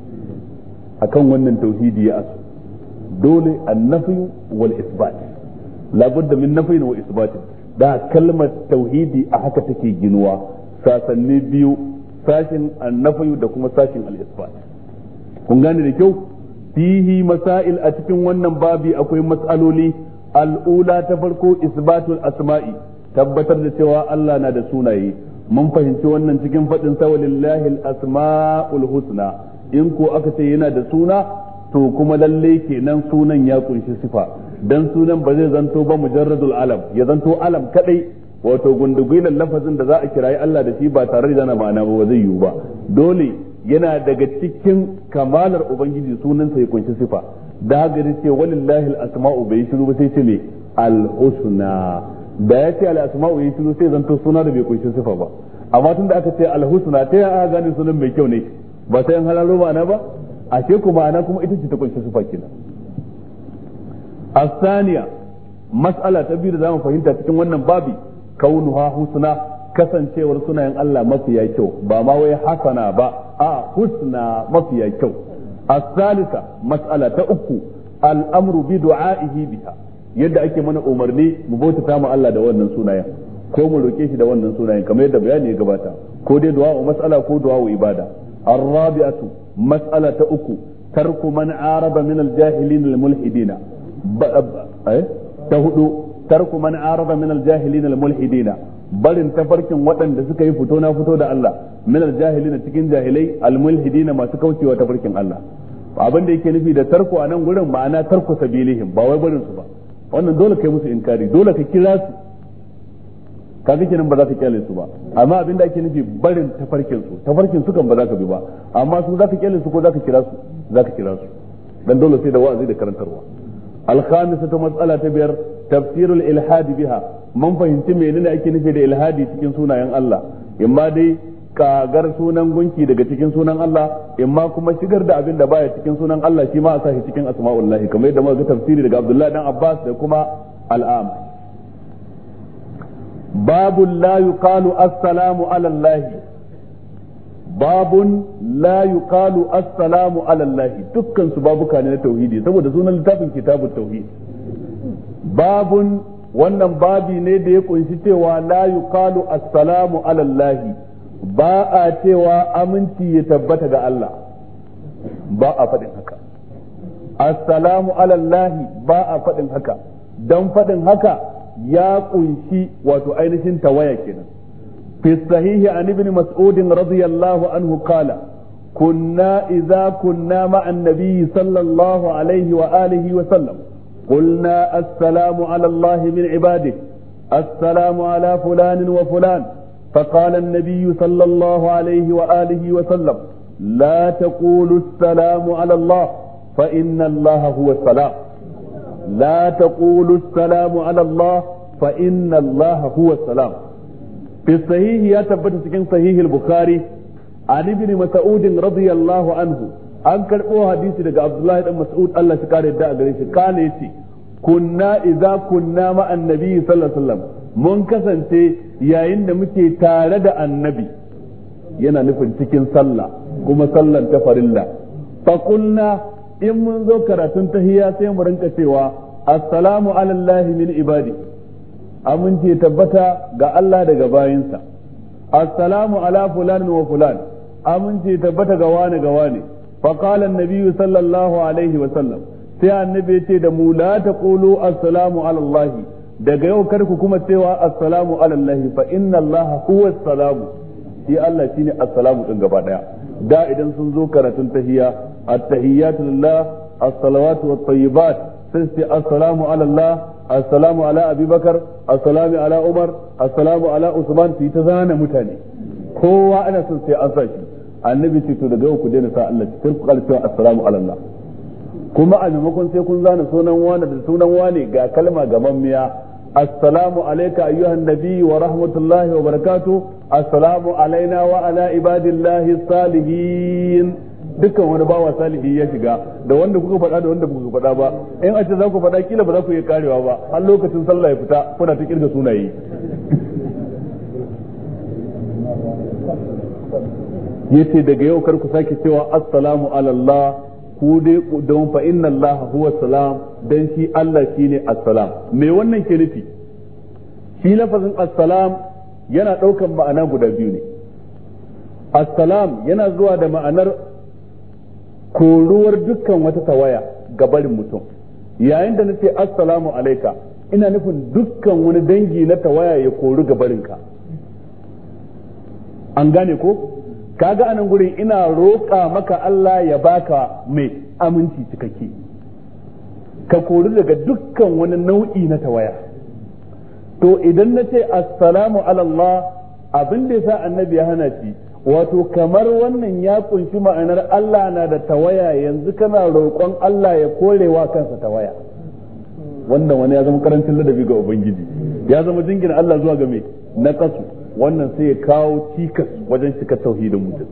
akan wannan tauhidi ya asu dole nafi wal isbat labudda min nafain wa isbatin da kalmar tauhidi a haka take ginuwa sasanni biyu sashin annafayu da kuma sashin al kun gane da kyau fihi masail a cikin wannan babi akwai matsaloli. al'ula ta farko isbatul asma'i tabbatar da cewa Allah na da sunaye mun fahimci wannan cikin faɗin sa walillahi asmaul husna in ko aka ce yana da suna to kuma lalle kenan sunan ya kunshi sifa dan sunan ba zai zanto ba mujarradul alam ya zanto alam kadai wato gundugulan lafazin da za a kirayi Allah da shi ba tare da ma'ana ba zai yiwu ba dole yana daga cikin kamalar ubangiji sunansa ya kunshi sifa da haka da ce walillahi al-asma'u bai shiru ba sai ce me al-husna da ya ce al-asma'u yi shiru sai zanto suna da bai kunshi sifa ba amma tunda aka ce al-husna ta ya gane sunan mai kyau ne ba sai an halalo ma'ana ba ashe ku ma'ana kuma ita ce ta kunshi sufa kenan asaniya mas'ala ta biyu da zamu fahimta cikin wannan babi kaunuha husna kasancewar sunayen Allah mafiya kyau ba ma wai hasana ba a husna mafiya kyau asalisa mas'ala ta uku al'amru bi du'a'ihi biha yadda ake mana umarni mu bautata mu Allah da wannan sunayen ko mu roke shi da wannan sunayen kamar yadda bayani ya gabata ko dai du'a mas'ala ko du'a ibada ar-rabi'atu mas'ala ta uku tarku man araba min al-jahilin al-mulhidina eh? ta hudu tarku man araba jahilin al barin tafarkin waɗanda suka yi fito na fito da Allah min al-jahilin cikin jahilai al masu kaucewa tafarkin Allah abin da yake nufi da tarko a nan gurin ma'ana tarko sabilihim ba wai barin su ba wannan dole kai musu inkari dole ka kira su kaga kenan ba za ka kyale su ba amma abinda ake nufi barin tafarkin su tafarkin su kan ba za ka bi ba amma su za ka kyale su ko za ka kira su za ka kira su dan dole sai da wa'azi da karantarwa al ta mas'ala ta biyar tafsirul ilhadi biha mun fahimci menene ake nufi da ilhadi cikin sunayen Allah imma dai kagar sunan gunki daga cikin sunan Allah imma kuma shigar da abin da baya cikin sunan Allah shi ma a sa shi cikin asma'ullahi kamar yadda muka ga tafsiri daga Abdullahi dan Abbas da kuma al'am باب لا يقال السلام على الله باب لا يقال السلام على الله دكان سو babuka ne na tauhidi saboda sunan littafin kitabut tauhid babun wannan babi ne da ya kunshi cewa la yuqalu assalamu ala Allah ba a cewa aminci ya tabbata ga Allah ba a faɗin haka assalamu ala Allah ba a faɗin haka dan faɗin haka ya kunshi wato ainihin tawaya kenan fi sahihi an ibn mas'ud radiyallahu anhu qala kunna idza kunna ma'a an-nabi sallallahu alaihi wa alihi wa sallam قلنا السلام على الله من عباده السلام على فلان وفلان فقال النبي صلى الله عليه وآله وسلم لا تقولوا السلام على الله فإن الله هو السلام لا تقولوا السلام على الله فإن الله هو السلام في الصحيح يتبت سكن صحيح البخاري عن ابن مسعود رضي الله عنه an karɓo hadisi daga Abdullahi dan Mas'ud Allah shi kare da a gare shi kana yace kunna idza kunna ma annabi sallallahu alaihi wasallam mun kasance yayin da muke tare da annabi yana nufin cikin sallah kuma sallan ta farilla fa kunna in mun zo karatun tahiyya sai mu rinka cewa assalamu alallahi min ibadi ce tabbata ga Allah daga bayinsa assalamu ala fulan wa fulan amince tabbata ga wani ga wani fa qala an sallallahu alaihi wa sallam sai annabi ya ce da mu la taqulu assalamu alallahi daga yau kar ku kuma cewa assalamu alallahi fa inna allaha huwa salamu shi Allah shine assalamu din gaba daya da idan sun zo karatun tahiyya at-tahiyyatu lillah as-salawatu wat-tayyibat sai su assalamu ala Allah assalamu ala Abi Bakar assalamu ala Umar assalamu ala Usman su ta zana mutane kowa ana son sai an saki shi annabi ce to daga ku daina sa Allah sai ku kalli assalamu ala Allah kuma a maimakon sai kun zana sunan wani da sunan wani ga kalma miya السلام عليك ayyuhan النبي wa rahmatullahi wa السلام علينا alaina wa الله ibadillahi salihin dukkan wani bawa salihi ya shiga da wanda kuka faɗa da wanda kuka faɗa ba in a ce za ku faɗa kila ba za ku iya karewa ba har lokacin sallah ya fita kuna ta kirga sunaye *laughs* yace daga yau kar ku sake cewa assalamu ala ku dai don fa inna Allah huwa salam dan shi Allah shine assalam me wannan ke nufi shi lafazin assalam yana daukan ma'ana guda biyu ne assalam yana zuwa da ma'anar koruwar dukkan wata tawaya ga barin mutum yayin da nace assalamu alaika ina nufin dukkan wani dangi na tawaya ya koru ga barinka an gane ko kaga anan gurin ina roƙa maka Allah ya baka mai aminci cikakke ka kori daga dukkan wani nau'i na tawaya to idan na ce assalamu alallah abin da sa annabi ya hana shi wato kamar wannan ya kunshi ma'anar Allah na da tawaya yanzu kana roƙon Allah ya korewa kansa tawaya wannan wani ya zama karancin ladabi ga ubangiji ya zama jingina Allah zuwa ga mai na kasu wannan sai ya kawo cikas wajen cika tauhidin mutum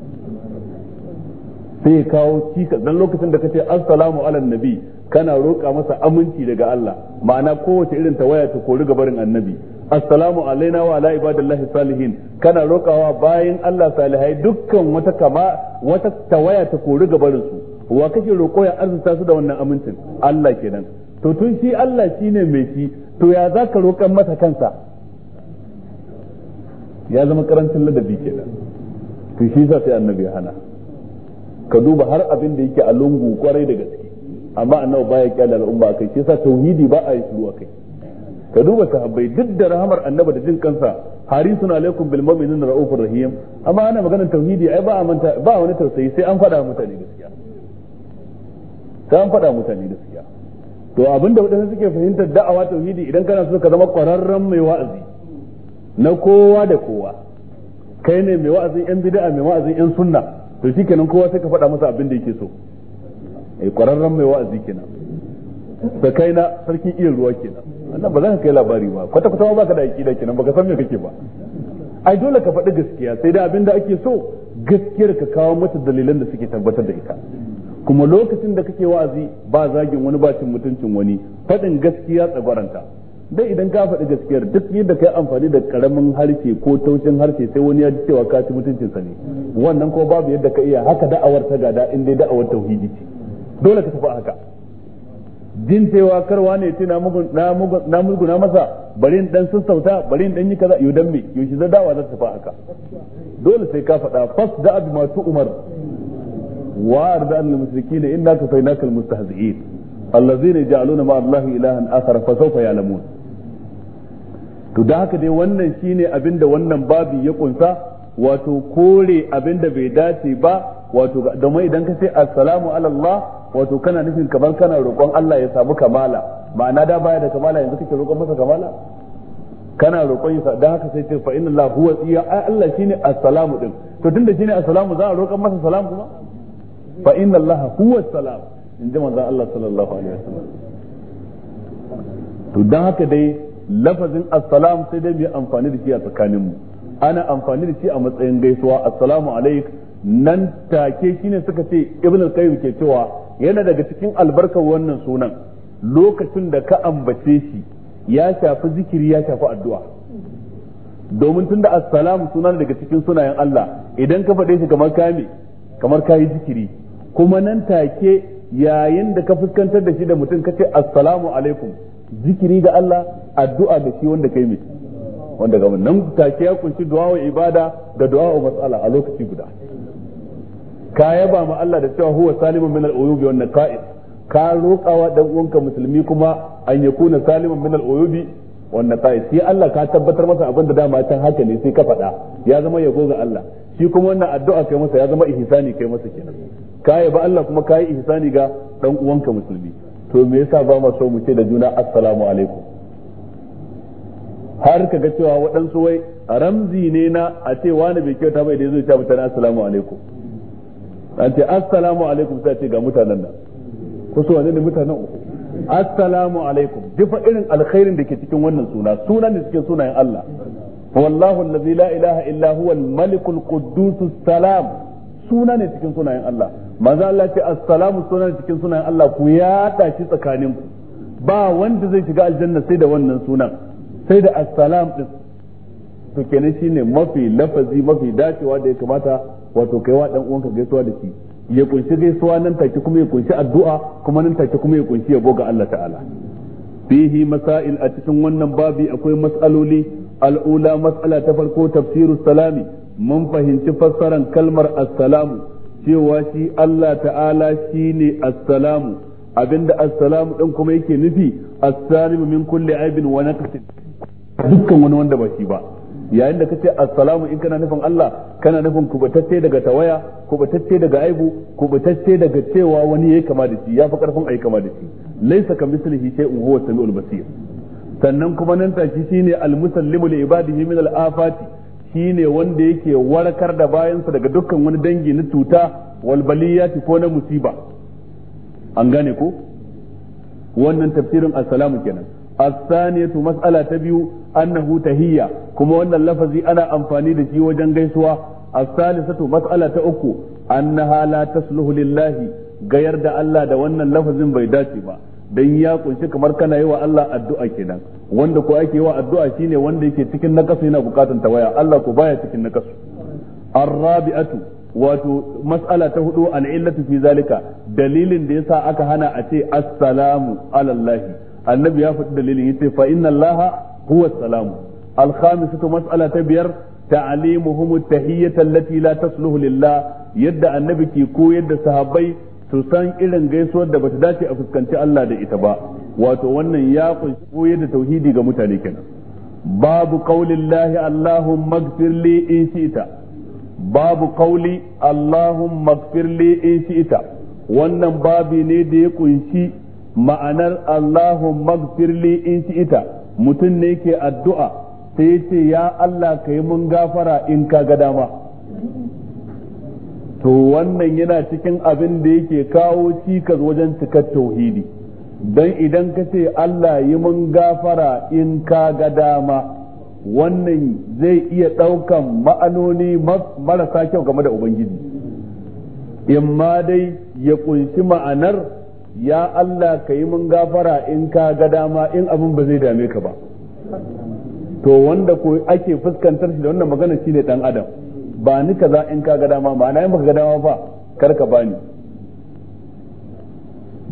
sai ya kawo cikas dan lokacin da kace assalamu ala nabi kana roƙa masa aminci daga Allah ma'ana kowace irin tawaya ta kori gabarin annabi assalamu alaina wa ala ibadillahi salihin kana roƙawa bayan Allah salihai dukkan wata kama wata tawaya ta kori gabarin su wa kake roƙo ya arzuta su da wannan amincin Allah kenan to tun shi Allah shine mai shi to ya zaka roƙan masa kansa ya zama karancin ladabi kenan to shi sa sai annabi hana ka duba har abin da yake a lungu kwarai da gaske amma annabi baya kyale al'umma kai shi yasa tauhidi ba a yi shiru kai. ka duba sahabbai duk da rahamar annabi da jin kansa harisun alaikum bil mu'minin raufur rahim amma ana maganar tauhidi ai ba a manta ba wani tausayi sai an faɗa mutane gaskiya sai an faɗa mutane gaskiya to abinda wadanda suke fahimtar da'awa tauhidi idan kana so ka zama kwararren mai wa'azi na kowa da kowa kai ne mai wa'azin yan bid'a mai wa'azin yan sunna to shikenan kowa sai ka faɗa masa abin da yake so ai kwararren mai wa'azi kenan ka kai na sarki iya ruwa kenan wannan ba za ka kai labari ba kwata kwata ba ka da aiki da kenan baka san me kake ba ai dole ka faɗi gaskiya sai da abinda ake so gaskiyar ka kawo mata dalilan da suke tabbatar da ita kuma lokacin da kake wa'azi ba zagin wani ba cin mutuncin wani faɗin gaskiya tsagwaranta dai idan ka faɗi gaskiyar duk yadda kai amfani da karamin harshe ko taushin harshe sai wani ya ji cewa ka ci mutuncin sa ne wannan kuma babu yadda ka iya haka da'awar ta gada in dai da'awar tauhidi ce dole ka tafi haka jin cewa karwa ne ce na muguna masa bari in dan sassauta bari in dan yi kaza yudan me yaushe za dawa za ta tafi haka dole sai ka faɗa fas da abu masu umar wa arda na musrikina inna ka fainaka al mustahzi'in allazina ja'aluna ma allahi ilahan akhar fa sawfa ya'lamun to da haka dai wannan shine abinda wannan babi ya kunsa wato kore abinda bai dace ba wato domin idan ka ce assalamu alallah wato kana nufin kamar kana roƙon Allah ya samu kamala ma'ana da baya da kamala yanzu kake roƙon masa kamala kana roƙon sa dan haka sai ce fa inna Allah huwa tsiya Allah shine assalamu din to tunda shine assalamu za a roƙon masa salamu kuma fa inna Allah huwa salam inji manzon Allah sallallahu alaihi wasallam to dan haka dai lafazin assalamu sai dai mu amfani da shi a tsakaninmu ana amfani da shi a matsayin gaisuwa assalamu alaikum nan take shine suka ce ibn al-qayyim ke cewa yana daga cikin albarkar wannan sunan lokacin da ka ambace shi ya shafi zikiri ya shafi addu'a domin tunda assalamu suna daga cikin sunayen Allah idan ka faɗe shi kamar kame kamar kayi zikiri kuma nan take yayin da ka fuskantar da shi da mutum ka ce assalamu alaikum zikiri ga Allah addu'a ga shi wanda kai mai wanda ga nan take ya kunshi du'a wa ibada da du'a wa mas'ala a lokaci guda ka yaba ma Allah da cewa huwa salimun min al wa an naqa'id ka roƙawa dan uwanka musulmi kuma an yakuna salimun min al wa an naqa'id sai Allah ka tabbatar masa abin da dama can haka ne sai ka faɗa ya zama yabo ga Allah shi kuma wannan addu'a kai masa ya zama ihsani kai masa kenan ka yaba Allah kuma ka yi ihsani ga dan uwanka musulmi to me yasa ba ma so mu ce da juna assalamu alaikum har ka ga cewa waɗansu wai ramzi ne na a ce wani bai kyauta bai da zai ce mutane assalamu alaikum an ce assalamu alaikum sai ce ga mutanen nan ku so ne mutanen uku assalamu alaikum duk irin alkhairin da ke cikin wannan suna sunan da cikin sunayen Allah wallahu allazi la ilaha illa huwa almalikul quddusus salam suna ne cikin sunayen Allah manzo Allah ce assalamu sunan cikin sunayen Allah ku ya shi tsakanin ku ba wanda zai shiga aljanna sai da wannan sunan sai da assalam din to kenan shine mafi lafazi mafi dacewa da ya kamata wato kai wa dan uwanka gaisuwa da shi ya kunshi gaisuwa nan take kuma ya kunshi addu'a kuma nan take kuma ya kunshi yabo ga Allah ta'ala fihi masail a cikin wannan babi akwai mas'aloli al'ula mas'ala ta farko tafsirus salami mun fahimci fassaran kalmar assalamu cewa shi Allah ta'ala shine assalamu abinda assalamu din kuma yake nufi assalimu min kulli aibin wa naqsin dukkan wani wanda ba shi ba yayin da kace assalamu in kana nufin Allah kana nufin kubatacce daga tawaya kubatacce daga aibu kubatacce daga cewa wani yayi kama da shi fi karfin ayi kama da shi laysa kamithlihi shay'un huwa samiul basir sannan kuma nan take shine almusallimu li ibadihi min al shine wanda yake warkar da bayansa daga dukkan wani dangi na cuta wal baliyati ko na musiba an gane ko wannan tafsirin assalamu kenan as-saniyatu mas'ala ta biyu annahu tahiyya kuma wannan lafazi ana amfani da shi wajen gaisuwa as-salisatu mas'ala ta uku annaha la tasluhu lillahi gayar da Allah da wannan lafazin bai dace ba dan ya kunshi kamar kana yi wa Allah addu'a kenan wanda ko ake yi addu'a shine wanda yake cikin nakasu yana bukatun tawaya Allah ko baya cikin nakasu arrabi'atu wato mas'ala ta hudu al'illatu fi zalika dalilin da yasa aka hana a ce assalamu alallahi annabi ya faɗi dalilin yace fa inna allaha huwa salam al-khamisatu mas'ala ta biyar ta'limuhum at-tahiyyata allati la tasluhu lillah yadda annabi ke koyar da sahabbai su san irin gaisuwar da bata dace a fuskanci Allah da ita ba wato wannan ya kunshi koyar da tauhidi ga mutane kenan babu qaulin allahumma ighfir in shi'ta babu qauli allahumma ighfir in shi'ta wannan babi ne da ya kunshi ma'anar Allahumma magfirli in ita mutum ne ke addu'a sai ya ce ya Allah ka yi mun gafara in ka ga dama to wannan yana cikin abin da yake kawo cikas wajen cikar tauhidi don idan ka ce Allah yi mun gafara in ka ga dama wannan zai iya ɗaukan ma'anoni marasa kyau game da Ubangiji. in ma dai ya ƙunshi ma'anar ya Allah ka yi mun gafara in ka ga dama in abin ba zai dame ka ba to wanda ko ake fuskantar shi da wannan magana shine dan adam ba ni kaza in ka ga dama ba na in baka ga dama ba kar ka bani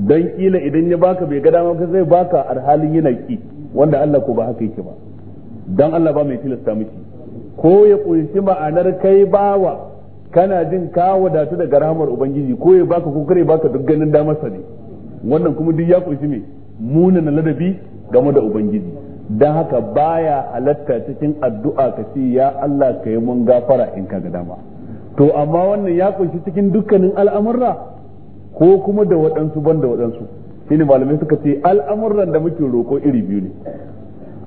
dan kila idan ya baka bai ga dama ka zai baka alhalin yana ki wanda Allah ko ba haka yake ba dan Allah ba mai tilasta miki ko ya kunshi ma'anar kai bawa kana jin ka wadatu daga rahamar ubangiji ko ya baka ko kare baka duk ganin damar sa ne wannan kuma duk ya kunshi me munana ladabi game da ubangiji dan haka baya halatta cikin addu'a ka ce ya Allah ka yi mun gafara in ka ga dama to amma wannan ya kunshi cikin dukkanin al'amurra ko kuma da waɗansu ban da waɗansu shine malamai suka ce al'amuran da muke roƙo iri biyu ne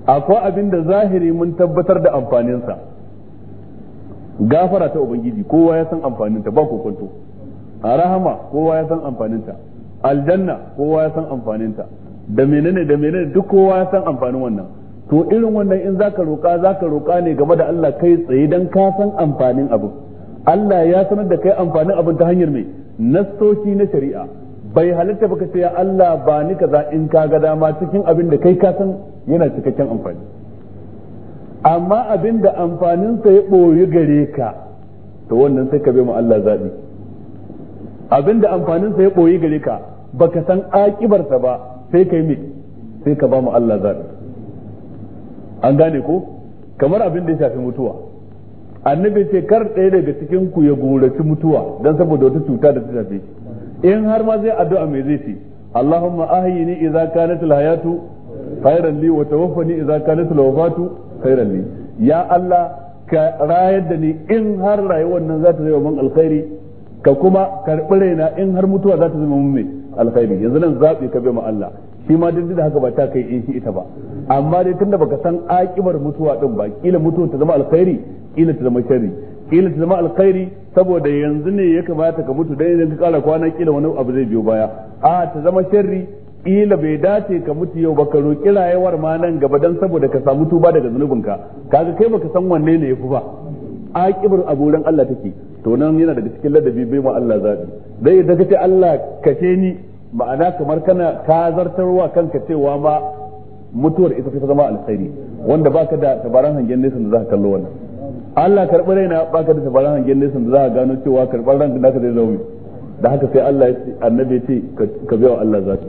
akwai abin da zahiri mun tabbatar da amfaninsa gafara ta ubangiji kowa ya san amfaninta ba kokonto rahama kowa ya san amfaninta aljanna kowa ya san amfanin da menene da menene duk kowa ya san amfanin wannan to irin wannan in zaka roka zaka roka ne game da Allah kai tsaye dan ka san amfanin abu Allah ya sanar da kai amfanin abin ta hanyar me nassoci na shari'a bai halitta baka ce ya Allah ba ni kaza in ka ga dama cikin abin da kai ka san yana cikakken amfani amma abin da amfaninsa ya ɓoyi gare ka to wannan sai ka bai mu Allah zabi abinda amfanin sa ya boye gare ka baka san akibarsa ba sai kai me sai ka ba mu Allah zabi an gane ko kamar abin da ya shafi mutuwa annabi ce kar ɗaya daga cikin ku ya goraci mutuwa dan saboda wata cuta da ta shafe in har ma zai addu'a mai zai ce Allahumma ahyini idza kanat alhayatu khairan li wa tawaffani idza kanat alwafatu khairan li ya Allah ka rayar da ni in har rayuwar nan za ta zama man alkhairi ka kuma karɓi raina in har mutuwa za ta zama mun mai alkhairi yanzu nan zaɓi ka bi ma Allah shi ma duk da haka ba ta kai in shi ita ba amma dai tunda baka san akibar mutuwa din ba kila mutuwa ta zama alkhairi kila ta zama sharri kila ta zama alkhairi saboda yanzu ne ya kamata ka mutu dan idan ka kara kwana kila wani abu zai biyo baya a ta zama sharri kila bai dace ka mutu yau baka roƙi rayuwar ma nan gaba dan saboda ka samu tuba daga zunubinka kaga kai baka san wanne ne yafi ba akibar aburan Allah take to nan yana daga cikin ladabi bai ma Allah zabi dai idan kace Allah kace ni ma'ana kamar kana ka zartarwa kanka cewa ma mutuwar ita ta zama alkhairi wanda baka da tabaran hangen nesa da zaka kallo wannan Allah karɓi raina baka da tabaran hangen nesa da zaka gano cewa karɓar ranka da ka zai zaumi da haka sai Allah ya ce annabi ce ka biya wa Allah zaki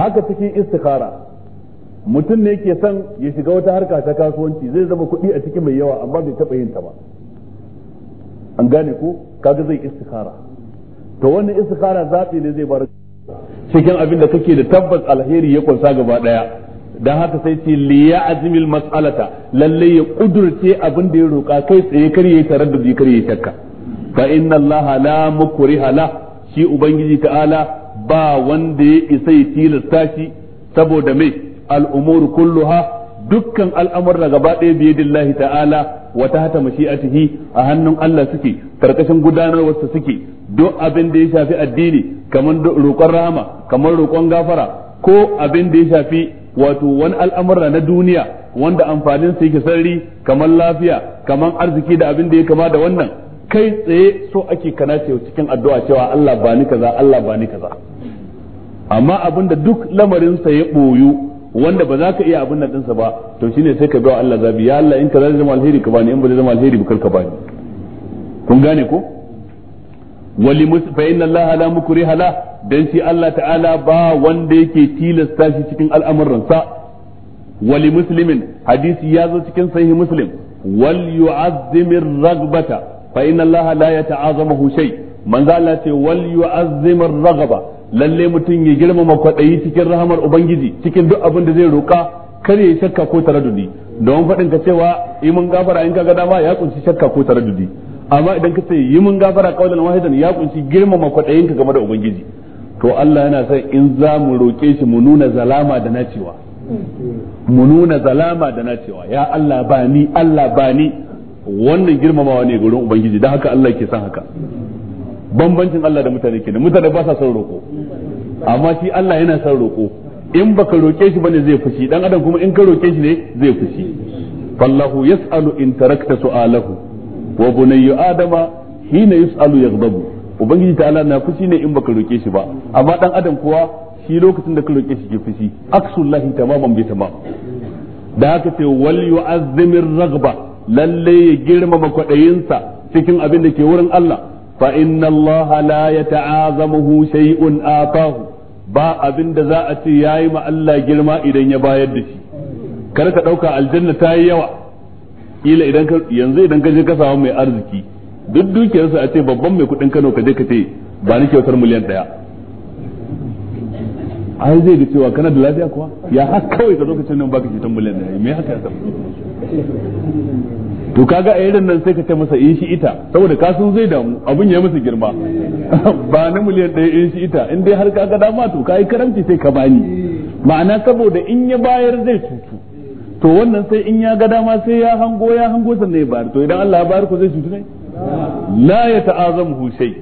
haka cikin istikhara mutum ne yake son ya shiga wata harka ta kasuwanci zai zama kuɗi a cikin mai yawa amma bai taɓa yin ta ba an gane ko kaga zai istikhara to wannan istikhara zafi ne zai bar cikin abin da kake da tabbas alheri ya kunsa gaba daya dan haka sai ce li ya'zimil mas'alata lalle ya kudurce abin da ya roka kai tsaye kar yayi taraddudi kar ya shakka fa inna allaha la mukriha la shi ubangiji ta'ala ba wanda ya isa ya tilasta shi saboda mai al'umuru kulluha dukkan al'amurra gaba ɗaya biye biyadillahi ta'ala wa hata mashi'atihi a hannun Allah suke karkashin gudanarwarsa suke duk abin da ya shafi addini kamar roƙon rahama kamar roƙon gafara ko abin da ya shafi wato wani al'amurra na duniya wanda amfanin su yake sarri kamar lafiya kamar arziki da abin da ya kama da wannan kai tsaye so ake kana cikin addu'a cewa Allah ba ni kaza Allah ba ni kaza amma abin da duk lamarin sa ya boyu wanda ba za ka iya abin nan dinsa ba to ne sai ka ga Allah zabi ya Allah in ka zai zama alheri ka bani in ba zai zama alheri ba kar ka bani kun gane ko wali fa inna Allah la mukriha la dan shi Allah ta'ala ba wanda yake tilasta shi cikin al'amuransa wali muslimin hadisi ya zo cikin sahih muslim wal yu'azzimir ragbata fa inna Allah la yata'azamuhu shay manzo Allah ce wal yu'azzimir ragaba lalle mutum ya girmama kwaɗayi cikin rahamar ubangiji cikin duk abin da zai roƙa kar ya yi shakka ko taraddudi don faɗin ka cewa yi mun gafara in kaga dama ya kunshi shakka ko taraddudi amma idan ka ce yi mun gafara kaulan wahidan ya kunshi girmama kwaɗayin ka game da ubangiji to Allah yana son in za mu roƙe shi mu nuna zalama da nacewa mu nuna zalama da nacewa ya Allah ba ni Allah ba ni wannan girmamawa ne gurin ubangiji don haka Allah ke son haka bambancin Allah da mutane kenan mutane ba sa son roƙo amma shi Allah yana son roƙo in baka roƙe shi bane zai fushi dan adam kuma in ka roƙe shi ne zai fushi fallahu yas'alu in tarakta su'alahu wa bunayyu adama hina yas'alu yaghdabu ubangiji ta'ala na fushi ne in baka roƙe shi ba amma dan adam kuwa shi lokacin da ka roƙe shi ke fushi aksullahi tamaman bi tamam da haka sai wal yu'azzimir ragba lalle ya girmama kwadayinsa cikin abin da ke wurin Allah fa inna Allah la yata'azamuhu shay'un atahu ba abin da za a ce yayi ma Allah girma idan ya bayar da shi kar ka dauka aljanna ta yi yawa ila idan ka yanzu idan ka je ka samu mai arziki duk sa a ce babban mai kudin Kano ka je ka ce ba ni kyautar miliyan daya ai zai ga cewa kana da lafiya kuwa ya har kawai ka zo ka ce nan baka kyautar miliyan ɗaya. me haka ya to kaga a irin nan sai ka ce masa in eh, shi ita saboda ka san zai damu abin ya masa girma *laughs* ba na miliyan ɗaya in eh, shi ita in dai har ka ga dama to ka yi karamci sai ka bani ma'ana saboda in ya bayar zai cutu to wannan sai in ya ga dama sai ya hango ya hango sannan ya bayar to idan Allah ya bayar ko zai cutu ne la ya ta'azamu shay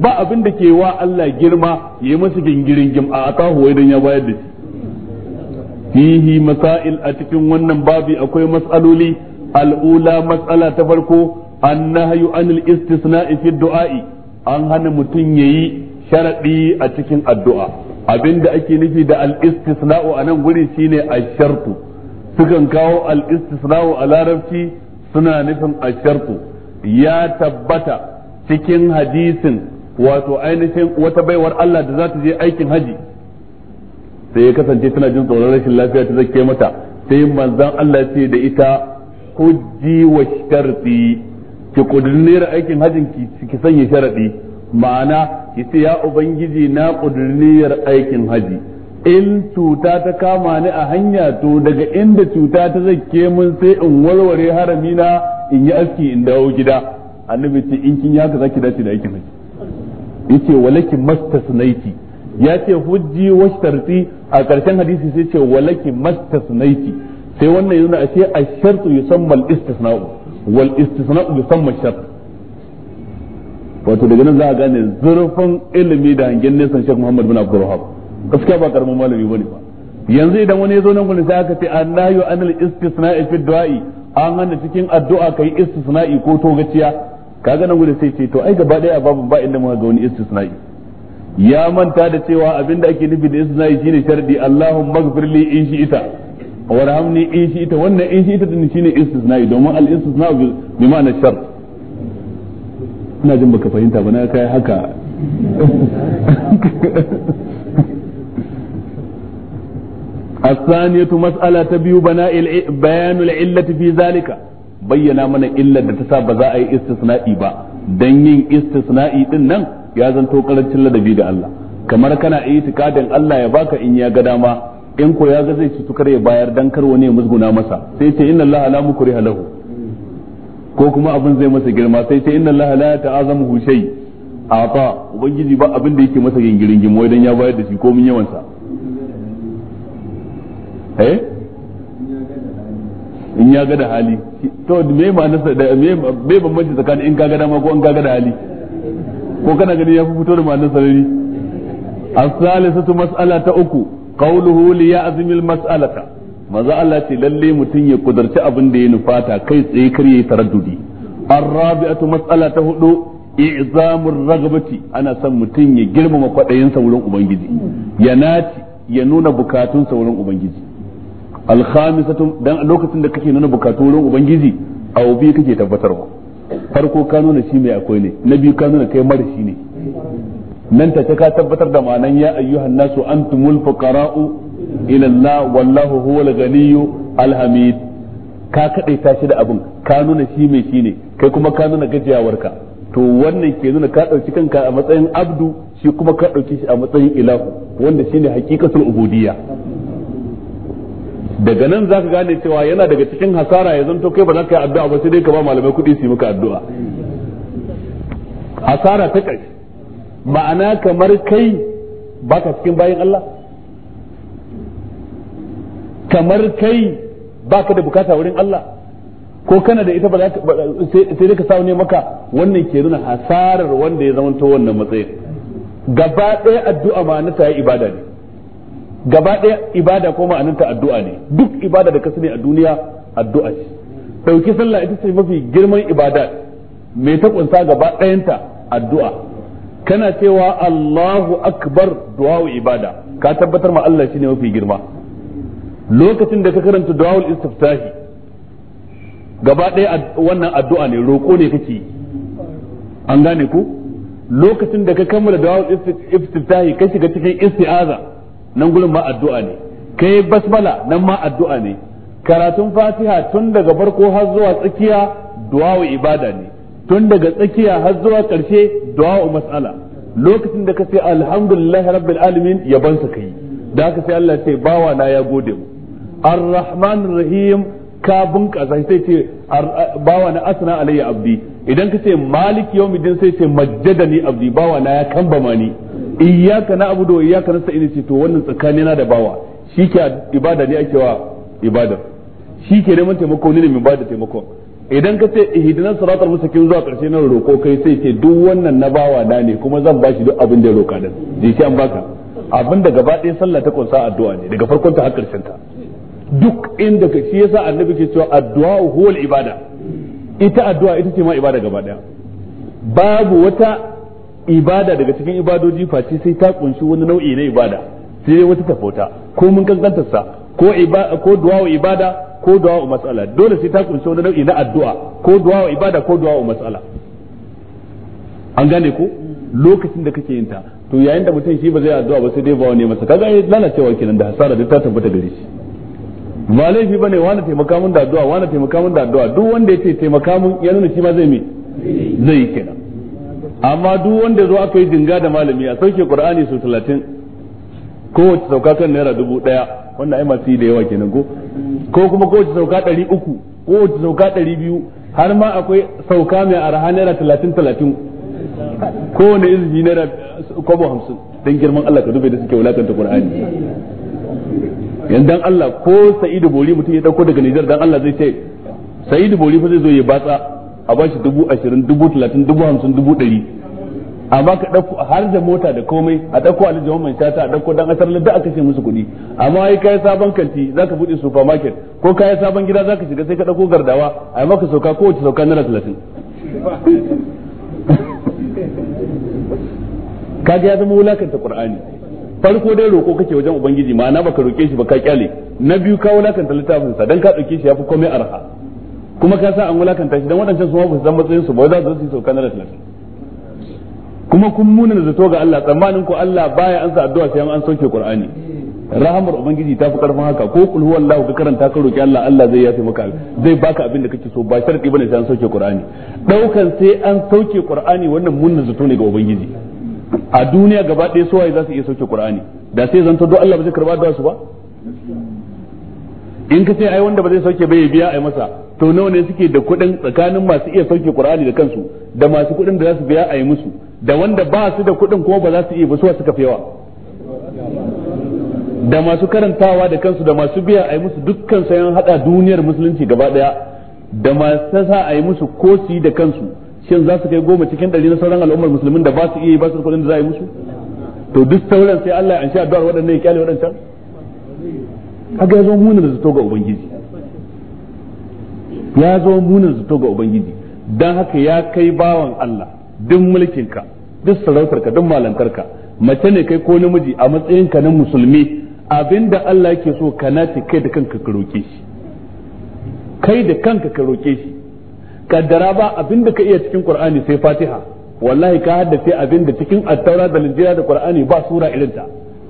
ba abin da ke wa Allah girma ya yi masa gingirin gim a atahu idan ya bayar da shi fihi masail a cikin wannan babi akwai mas'aloli al'ula matsala ta farko an nahayu anil istisna fi du'a'i an hana mutum yayi sharaɗi a cikin addu'a abinda ake nufi da al'istisna a nan guri shine ashartu sukan kawo al'istisna a larabci suna nufin shartu ya tabbata cikin hadisin wato ainihin wata baiwar Allah da za ta je aikin haji sai ya kasance tana jin tsoron rashin lafiya ta zake mata sai manzon Allah ce da ita hujji wa sharti ki kudurniyar aikin hajjin ki ki sanya sharadi ma'ana ki ce ya ubangiji na kudurniyar aikin haji in cuta ta kama ni a hanya to daga inda cuta ta zake mun sai in warware harami na in yi aski in dawo gida annabi ce in kin yaka zaki dace da aikin haji yace walaki mastasnaiki yace hujji wa sharti a ƙarshen hadisi sai ce walaki mastasnaiki sai wannan yana ashe shartu ya san mal istisnau wal istisna'u yusamma san shart wato daga nan za a gane zurfin ilimi da hangen nesan shek Muhammad bin abu Wahhab gaskiya ba karamin malami bane ba yanzu idan wani ya zo nan kuma sai aka ce an al istisna'i fi du'a'i an hana cikin addu'a kai istisna'i ko togaciya kaga nan gudu sai ce to ai gaba daya babu ba inda muka ga wani istisna'i ya manta da cewa abinda ake nufi da istisna'i shine sharadi Allahumma maghfirli in shi ita. warhamni in shi ita wannan in shi ita din ne istisna'i domin al istisna'u bi ma'ana shar ina jin baka fahimta ba na kai haka الثانية مسألة تبيو بناء بيان العلة في ذلك bayyana mana illar da ta sa ba za a yi istisna'i ba dan yin istisna'i din nan ya zanto karancin ladabi da Allah kamar kana itikadin Allah ya baka in ya ga dama in ko ya ga zai ci tukar ya bayar dan kar ne musguna masa sai ce inna allaha la mukriha lahu ko kuma abin zai masa girma sai ce inna allaha la ta'azamu shay ata ubangiji ba abin da yake masa gingirin gimo idan ya bayar da shi ko mun yawan sa eh in ya ga da hali to me ma'anarsa da me ban bambanci tsakanin in ka ga dama ko in ka ga da hali ko kana gani ya fi fito da ma'anar sarari as-salisatu mas'ala ta uku qawluhu li ya'zim al mas'alata maza Allah ce lalle mutum ya kudarci abin da ya nufata kai tsaye kar yayi taraddudi arrabi'atu mas'ala ta hudu i'zamur ragabati ana son mutum ya girmama kwadayinsa wurin ubangiji ya naci ya nuna bukatunsa wurin ubangiji alkhamisatu dan lokacin da kake nuna bukatun wurin ubangiji a bi kake tabbatarwa farko ka nuna shi mai akwai ne na biyu ka nuna kai mara shi ne nan take ka tabbatar da ma'anan ya ayyuhan nasu antumul fuqara'u ila Allah wallahu huwal ganiyyu alhamid ka kadaita shi da abin ka nuna shi mai shi ne kai kuma ka nuna gajiyawarka to wannan ke nuna ka dauki kanka a matsayin abdu shi kuma ka dauki shi a matsayin ilahu wanda shine hakikatul ubudiyya daga nan zaka gane cewa yana daga cikin hasara ya zanto kai ba za ka yi addu'a ba sai dai ka ba malamai kuɗi su yi maka addu'a hasara ta ƙarshe ma'ana kamar kai baka cikin bayin Allah kamar kai baka da bukata wurin Allah ko kana da ita ba sai dai ka samu ne maka wannan ke nuna hasarar wanda ya zama to wannan matsayi gaba ɗaya addu'a ma'ana ta yi ibada ne gaba ɗaya ibada ko ma'anar ta addu'a ne duk ibada da ka sani a duniya addu'a ce dauki sallah ita ce mafi girman ibada me ta kunsa gaba ɗayanta addu'a kana cewa Allahu akbar du'a wa ibada ka tabbatar ma Allah shine mafi girma lokacin da ka karanta du'a istiftahi gaba ɗaya wannan addu'a ne roƙo ne kake an gane ku lokacin da ka kammala du'a istiftahi ka shiga cikin isti'aza nan gurin ma addu'a ne kai basmala nan ma addu'a ne karatun fatiha tun daga farko har zuwa tsakiya du'a ibada ne tun daga tsakiya har zuwa karshe du'a mas'ala lokacin da ka ce alhamdulillah rabbil alamin yaban sa kai da ka sai Allah ce bawa na ya gode mu arrahman rahim ka bunƙasa sai ce bawa na asna alayya abdi idan ka ce malik yawmiddin sai ce majjadani abdi bawa na ya kambama ni iyyaka na'budu wa iyyaka nasta'in ce to wannan tsakanina da bawa shike ibada ne ake wa ibada. shi ke neman taimako ne mai bada taimakon idan ka ce ihdinas siratal mustaqim zuwa karshe nan roko kai sai ce duk wannan na bawa na ne kuma zan bashi duk abin da ya roka din jiki an baka abin da gaba ɗaya sallah ta kunsa addu'a ne daga farkon ta har karshen ta duk inda ka shi yasa annabi ke cewa addu'a huwal ibada ita addu'a ita ce ma ibada gaba ɗaya babu wata ibada daga cikin ibadoji face sai ta kunshi wani nau'i na ibada sai wata tafota ko mun kankantar sa ko ko du'a ibada ko du'a mas'ala dole sai ta kunshi wani nau'i na addu'a ko du'a ibada ko du'a mas'ala an gane ko lokacin da kake yin ta to yayin da mutum shi ba zai addu'a ba sai dai ba wani masa kaga ya lalacewa kenan da hasara da ta tabbata gare shi ba laifi bane wani taimaka mun da addu'a wani taimaka mun da addu'a duk wanda ya ce taimaka mun ya nuna shi ma zai mi zai kenan amma duk wanda zo aka yi dinga da malami a sauke qur'ani su 30 kowace sauka kan naira dubu daya wannan ai masu da yawa kenan ko ko kuma kowace sauka ɗari uku kowace sauka ɗari biyu har ma akwai sauka mai arha naira talatin talatin kowane izini naira kwabo hamsin don girman Allah ka dube da suke wulakanta Qur'ani dan Allah ko Sa'idu Bori mutum ya dauko daga Nijar dan Allah zai ce Sa'idu Bori fa zai zo ya batsa a bashi dubu ashirin dubu talatin dubu hamsin dubu ɗari amma ka dauko har da mota da komai a dauko aljihun mai tata a dauko dan asar da aka ce musu kuɗi amma ai kai sabon kanti za ka bude supermarket ko kai sabon gida za ka shiga sai ka dauko gardawa a maka sauka ko wace sauka naira 30 *laughs* kaga ya zama wulakanta qur'ani farko dai roƙo kake wajen ubangiji ma'ana baka roƙe shi ba ka kyale na biyu ka wulakanta littafin sa dan ka ɗauke shi yafi komai arha kuma ka sa an wulakanta shi dan waɗancan su ma ba su san matsayin su ba za su yi sauka naira talatin. kuma kun da zato ga Allah tsammanin ku Allah baya ansa addu'a sai an sauke Qur'ani rahamar ubangiji ta fi karfin haka ko kul huwallahu ka karanta ka roki Allah Allah zai yafe maka zai baka abin da kake so ba sharti bane sai an sauke Qur'ani daukan sai an sauke Qur'ani wannan munna zato ne ga ubangiji a duniya gaba ɗaya suwaye za su iya sauke Qur'ani da sai zanto don Allah ba zai karba addu'a su ba in ka ce ai wanda ba zai ba ya biya ai masa to nawa ne suke da kuɗin tsakanin masu iya sauke Qur'ani da kansu da masu kuɗin da za su biya ai musu da wanda ba su da kuɗin kuma ba za su iya ba suwa suka fi yawa da masu karantawa da kansu da masu biya a yi musu dukkan sayan hada duniyar musulunci gaba daya da masu sa a yi musu kosi da kansu shin za su kai goma cikin ɗari na sauran al'ummar musulmin da ba su iya ba su kuɗin da za a yi musu to duk sauran sai Allah ya anshi addu'ar waɗannan ya kyale waɗancan kaga ya zo munin da zato ga ubangiji ya zo munin zato ga ubangiji dan haka ya kai bawan Allah duk mulkinka duk sarautarka duk malantarka mace ne kai ko namiji a matsayin ka na musulmi abinda Allah yake so ka nace kai da kanka ka roke shi kai da kanka ka roke shi kaddara ba abinda ka iya cikin Qur'ani sai Fatiha wallahi ka haddace abinda cikin at da linjira da Qur'ani ba sura irin ta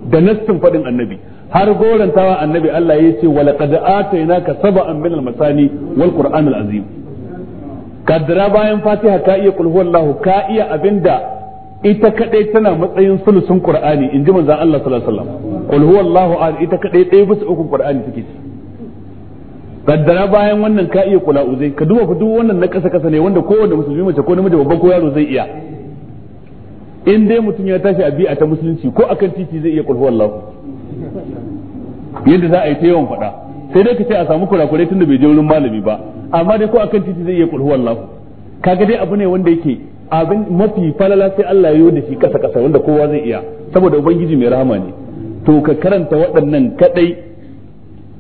da nassin fadin Annabi har gorantawa Annabi Allah ya ce walaqad atainaka sab'an min al-masani wal Qur'an al-azim kaddara bayan fatiha ka iya kul huwallahu ka iya abinda ita kadai tana matsayin sulusun qur'ani in ji manzon Allah sallallahu alaihi wasallam kul huwallahu ahad ita kadai ɗaya bisa uku qur'ani take ci kaddara bayan wannan ka iya kula uzai ka duba duk wannan na kasa kasa ne wanda kowanne musulmi mace ko namiji babba ko yaro zai iya in dai mutum ya tashi a bi'a ta musulunci ko akan titi zai iya kul huwallahu yadda za a yi ta yawan faɗa sai dai ka ce a samu kurakurai tunda bai je wurin malami ba amma dai ko akan titi zai iya kulhu wallahu kaga dai abu ne wanda yake abin mafi falala sai Allah ya yi da shi kasa kasa wanda kowa zai iya saboda ubangiji mai rahama ne to ka karanta waɗannan kadai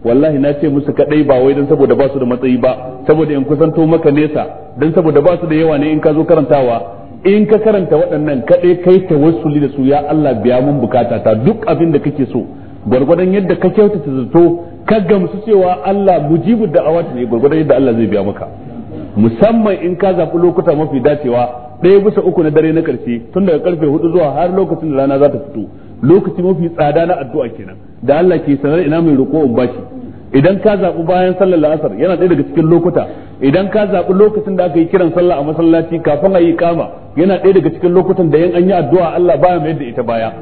wallahi na ce musu kadai ba wai dan saboda ba su da matsayi ba saboda in kusanto maka nesa dan saboda ba su da yawa ne in ka zo karantawa in ka karanta waɗannan kadai kai tawassuli da su ya Allah biya mun bukata ta duk abin da kake so gwargwadon yadda ka kyautata zato ka gamsu cewa Allah mujibu da'awati ne gurgurdan yadda Allah zai biya maka musamman in ka zaɓi lokuta mafi dacewa ɗaya bisa uku na dare na ƙarshe tun daga karfe hudu zuwa har lokacin da rana za ta fito lokaci mafi tsada na addu'a kenan da Allah ke sanar ina mai roƙo in bashi idan ka zaɓi bayan sallar la'asar yana ɗaya daga cikin lokuta idan ka zaɓi lokacin da aka yi kiran sallah a masallaci kafin a yi kama yana ɗaya daga cikin lokutan da yan an yi addu'a Allah baya mai da ita baya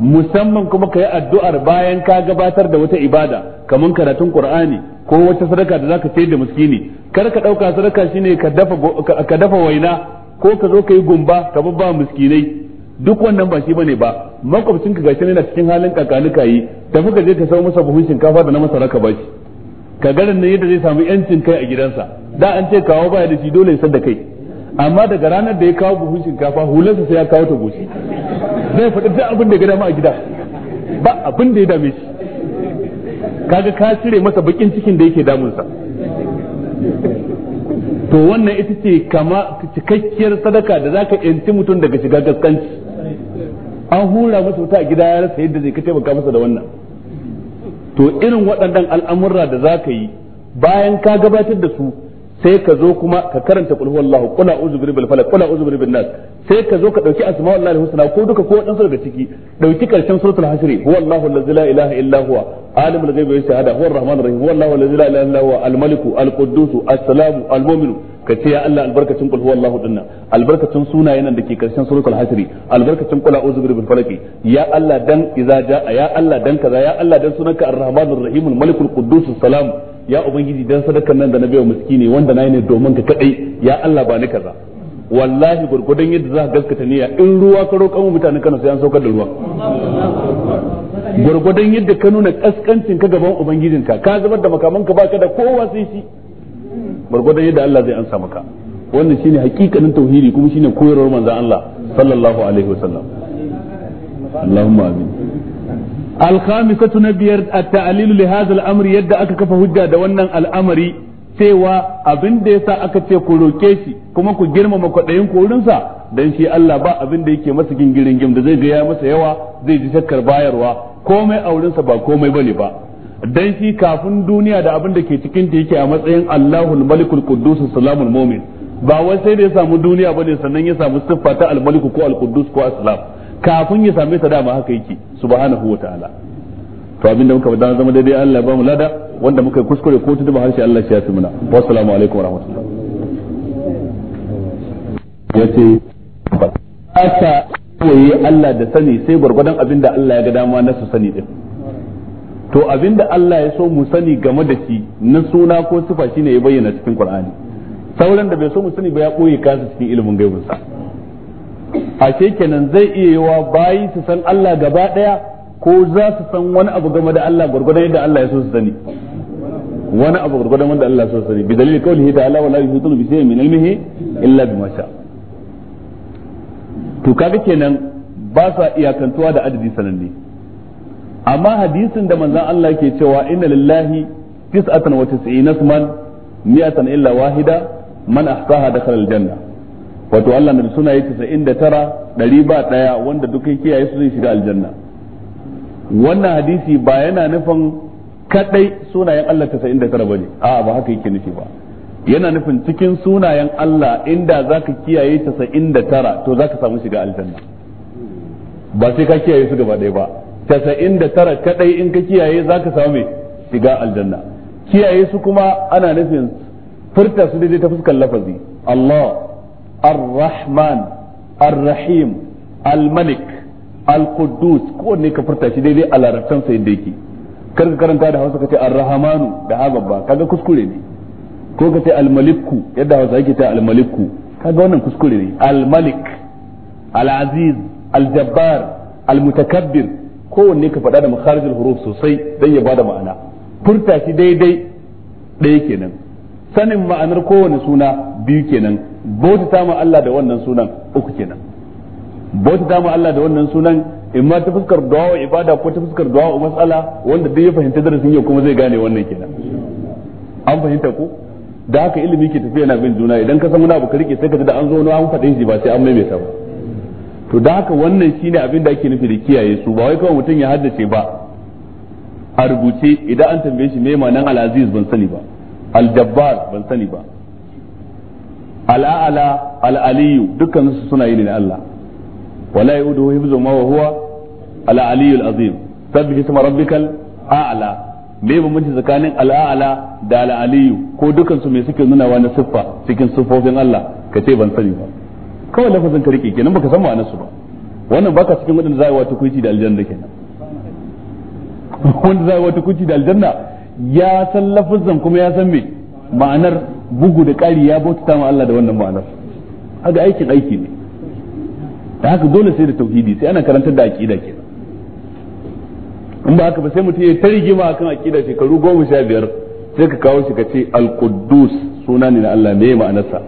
musamman kuma ka yi addu'ar bayan ka gabatar da wata ibada kamar karatun qur'ani ko wata sadaka da zaka sayar da miskini kar ka ɗauka sadaka shi ne dafa ka dafa waina ko ka zo ka yi gumba ka babba miskinai duk wannan ba shi bane ba makwabcin ka gashi na cikin halin kakanuka yi tafi ka je ka samu masa buhun shinkafa da na masa raka ba shi ka garin nan yadda zai samu yancin kai a gidansa da an ce kawo baya da shi dole ya da kai amma daga ranar da ya kawo buhun shinkafa hulansa sai ya kawo ta goshi zai faɗi duk abin da ya dama a gida ba abin da ya dame shi kaga ka cire masa bakin cikin da yake damunsa to wannan ita ce kama cikakkiyar sadaka da zaka yanci mutum daga shiga gaskanci an hura masa wuta a gida ya rasa yadda zai ka taimaka masa da wannan to irin waɗannan al'amurra da zaka yi bayan ka gabatar da su sai ka zo kuma ka karanta qul huwallahu qul a'udhu birabbil falaq qul a'udhu birabbin nas sai ka zo ka dauki asma'ullahi husna ko duka ko wadansu daga ciki dauki karshen suratul hasri huwallahu allazi la ilaha illa huwa alimul ghaibi was shahada huwa arrahmanur rahim huwallahu allazi la ilaha illa huwa almaliku alquddus assalamu almu'minu ka ce ya Allah albarkacin qul huwallahu dinna albarkacin sunayen nan dake karshen suratul hasri albarkacin qul a'udhu birabbil falaq ya Allah dan idza jaa ya Allah dan kaza ya Allah dan sunanka arrahmanur rahimul malikul quddus salam. ya ubangiji dan sadakan nan da na bai ne wanda na ne domin ka kadai ya Allah ba ni kaza wallahi gurgudan yadda za ka gaskata niyya in ruwa ka roƙa mu mutanen Kano sai an saukar da ruwa gurgudan yadda ka nuna kaskancin ka gaban ubangijinka ka zubar da makaman ka baka da kowa sai shi gurgudan yadda Allah zai ansa maka wannan shine hakikanin tauhidi kuma shine koyarwar manzon Allah sallallahu alaihi wasallam Allahumma amin alkhamisatu na biyar a talilu li hadha yadda aka kafa hujja da wannan al'amari cewa abin da ya sa aka ce ku roke shi kuma ku girmama kwaɗayin korinsa dan shi Allah ba abin da yake masa gingirin gim zai ga ya masa yawa zai ji shakkar bayarwa komai a aurinsa ba komai bane ba dan shi kafin duniya da abin da ke cikin ta yake a matsayin Allahul Malikul Quddus Mu'min ba wai sai da ya samu duniya ne sannan ya samu siffa ta al ko al ko as kafin ya same ta dama haka yake subhanahu ta'ala to abinda muka bada zama daidai Allah ba mu lada wanda muka kuskure ko tuduba harshe Allah shi ya fi muna assalamu alaikum warahmatullah yace asa koyi Allah da sani sai gwargwadon abinda Allah ya ga dama na su sani din to abinda Allah ya so mu sani game da shi na suna ko sifa shine ya bayyana cikin Qur'ani sauran da bai so mu sani ba ya koyi kansa cikin ilimin gaibinsa ashe kenan zai iya yiwa bayi su san Allah gaba daya ko za su san wani abu game da Allah gurgurdan yadda Allah ya so su sani wani abu gurgurdan wanda Allah ya so su sani bi kawai kaulihi ta'ala wala yuhituna bi shay'in min ilmihi illa bima sha to kaga kenan ba sa iyakantuwa da adadi sananne amma hadisin da manzon Allah ke cewa inna lillahi tis'atan wa tis'ina man mi'atan illa wahida man ahsaha dakhala aljanna wato Allah na da tara 99 ɗari ba ɗaya wanda duk kiyaye su zai shiga aljanna wannan hadisi ba yana nufin kadai sunayen Allah 99 bane a ba haka yake nufi ba yana nufin cikin sunayen Allah inda zaka kiyaye 99 to zaka samu shiga aljanna ba sai ka kiyaye su gaba ɗaya ba 99 kadai in ka kiyaye zaka samu shiga aljanna kiyaye su kuma ana nufin furta su daidai ta fuskar lafazi Allah ar-rahman ar-rahim al-malik al-quddus kowanne ka furta shi daidai a larabtan sa yadda yake kar ka karanta da hausa ka ce ar-rahmanu da ha babba kaga kuskure ne ko ka al-maliku yadda hausa yake ta al-maliku kaga wannan kuskure ne al-malik al-aziz al-jabbar al-mutakabbir kowanne ka faɗa da makharijul huruf sosai dan ya bada ma'ana furta shi daidai ɗaya kenan sanin ma'anar kowane suna biyu kenan bautata ma Allah da wannan sunan uku kenan bautata ma Allah da wannan sunan in ma ta fuskar du'a ibada ko ta fuskar du'a mas'ala wanda duk ya fahimta darasin yau kuma zai gane wannan kenan an fahimta ko da haka ilimi ke tafiya na bin juna idan ka san wani abu ka rike sai ka ji da an zo wani an faɗin shi ba sai an maimaita ba to da haka wannan shine abin da ake nufi da kiyaye su ba wai kawai mutum ya haddace ba a rubuce idan an tambaye shi me ma'anan al-aziz ban sani ba al-jabbar ban sani ba al'ala al'aliyu dukkan su suna yi ne na Allah wala yahudu hifzu ma wa huwa al'aliyu al'azim sabbi isma rabbikal a'ala me bambanci tsakanin al'ala da al'aliyu ko dukkan su mai suke wa na siffa cikin siffofin Allah ka ce ban sani ba kawai lafazin ka rike kenan baka san ma'anar su ba wannan baka cikin wadanda za a yi wata kuici da aljanna kenan *laughs* wanda za a yi wata kuici da aljanna ya san lafazin kuma ya san me ma'anar bugu da ƙari ya bauta ma Allah da wannan ma'anar haka aikin aiki ne da haka dole sai da tauhidi sai ana karantar da aƙida ke in ba haka ba sai mutum ya ta rigima akan aƙida shekaru goma sha biyar sai ka kawo shi ka ce al suna ne na Allah me ma'anarsa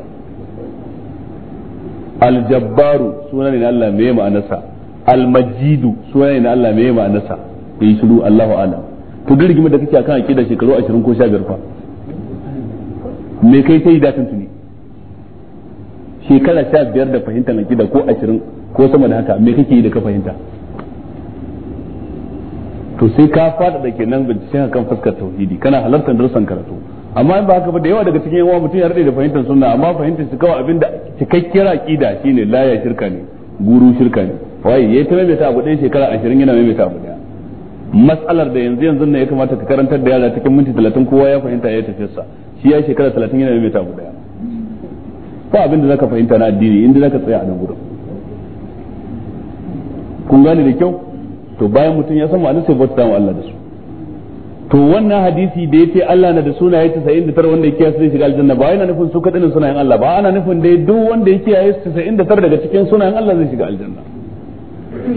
al-jabbaru suna ne na Allah me ma'anarsa al-majidu suna ne na Allah me ma'anarsa yi shiru Allahu a'lam to duk rigima da kake akan aƙida shekaru ashirin ko sha biyar fa me kai sai da tuntuni shekara sha biyar da fahimtar akida ko ashirin ko sama da haka me kake yi da ka fahimta to sai ka fada da ke nan binciken kan fuskar tauhidi kana halartar darussan karatu amma in ba haka ba da yawa daga cikin yawa mutum ya rade da fahimtar sunna amma fahimtar su kawai abinda cikakkiyar aqida shine laya shirka ne guru shirka ne waye yayi ta ta abu ɗaya shekara ashirin yana mai ta abu ɗaya matsalar da yanzu yanzu ne ya kamata ka karantar da yara cikin minti talatin kowa ya fahimta ya tafi sa shi ya shekara talatin yana mai tabu daya ba abin da zaka fahimta na addini inda zaka tsaya a nan gudun kun gane da kyau to bayan mutum ya san ma'anar sai bauta wa Allah da su to wannan hadisi da yace Allah na da sunaye 99 wanda yake zai shiga aljanna ba yana nufin su suna sunayen Allah ba ana nufin dai duk wanda yake da 99 daga cikin sunayen Allah zai shiga aljanna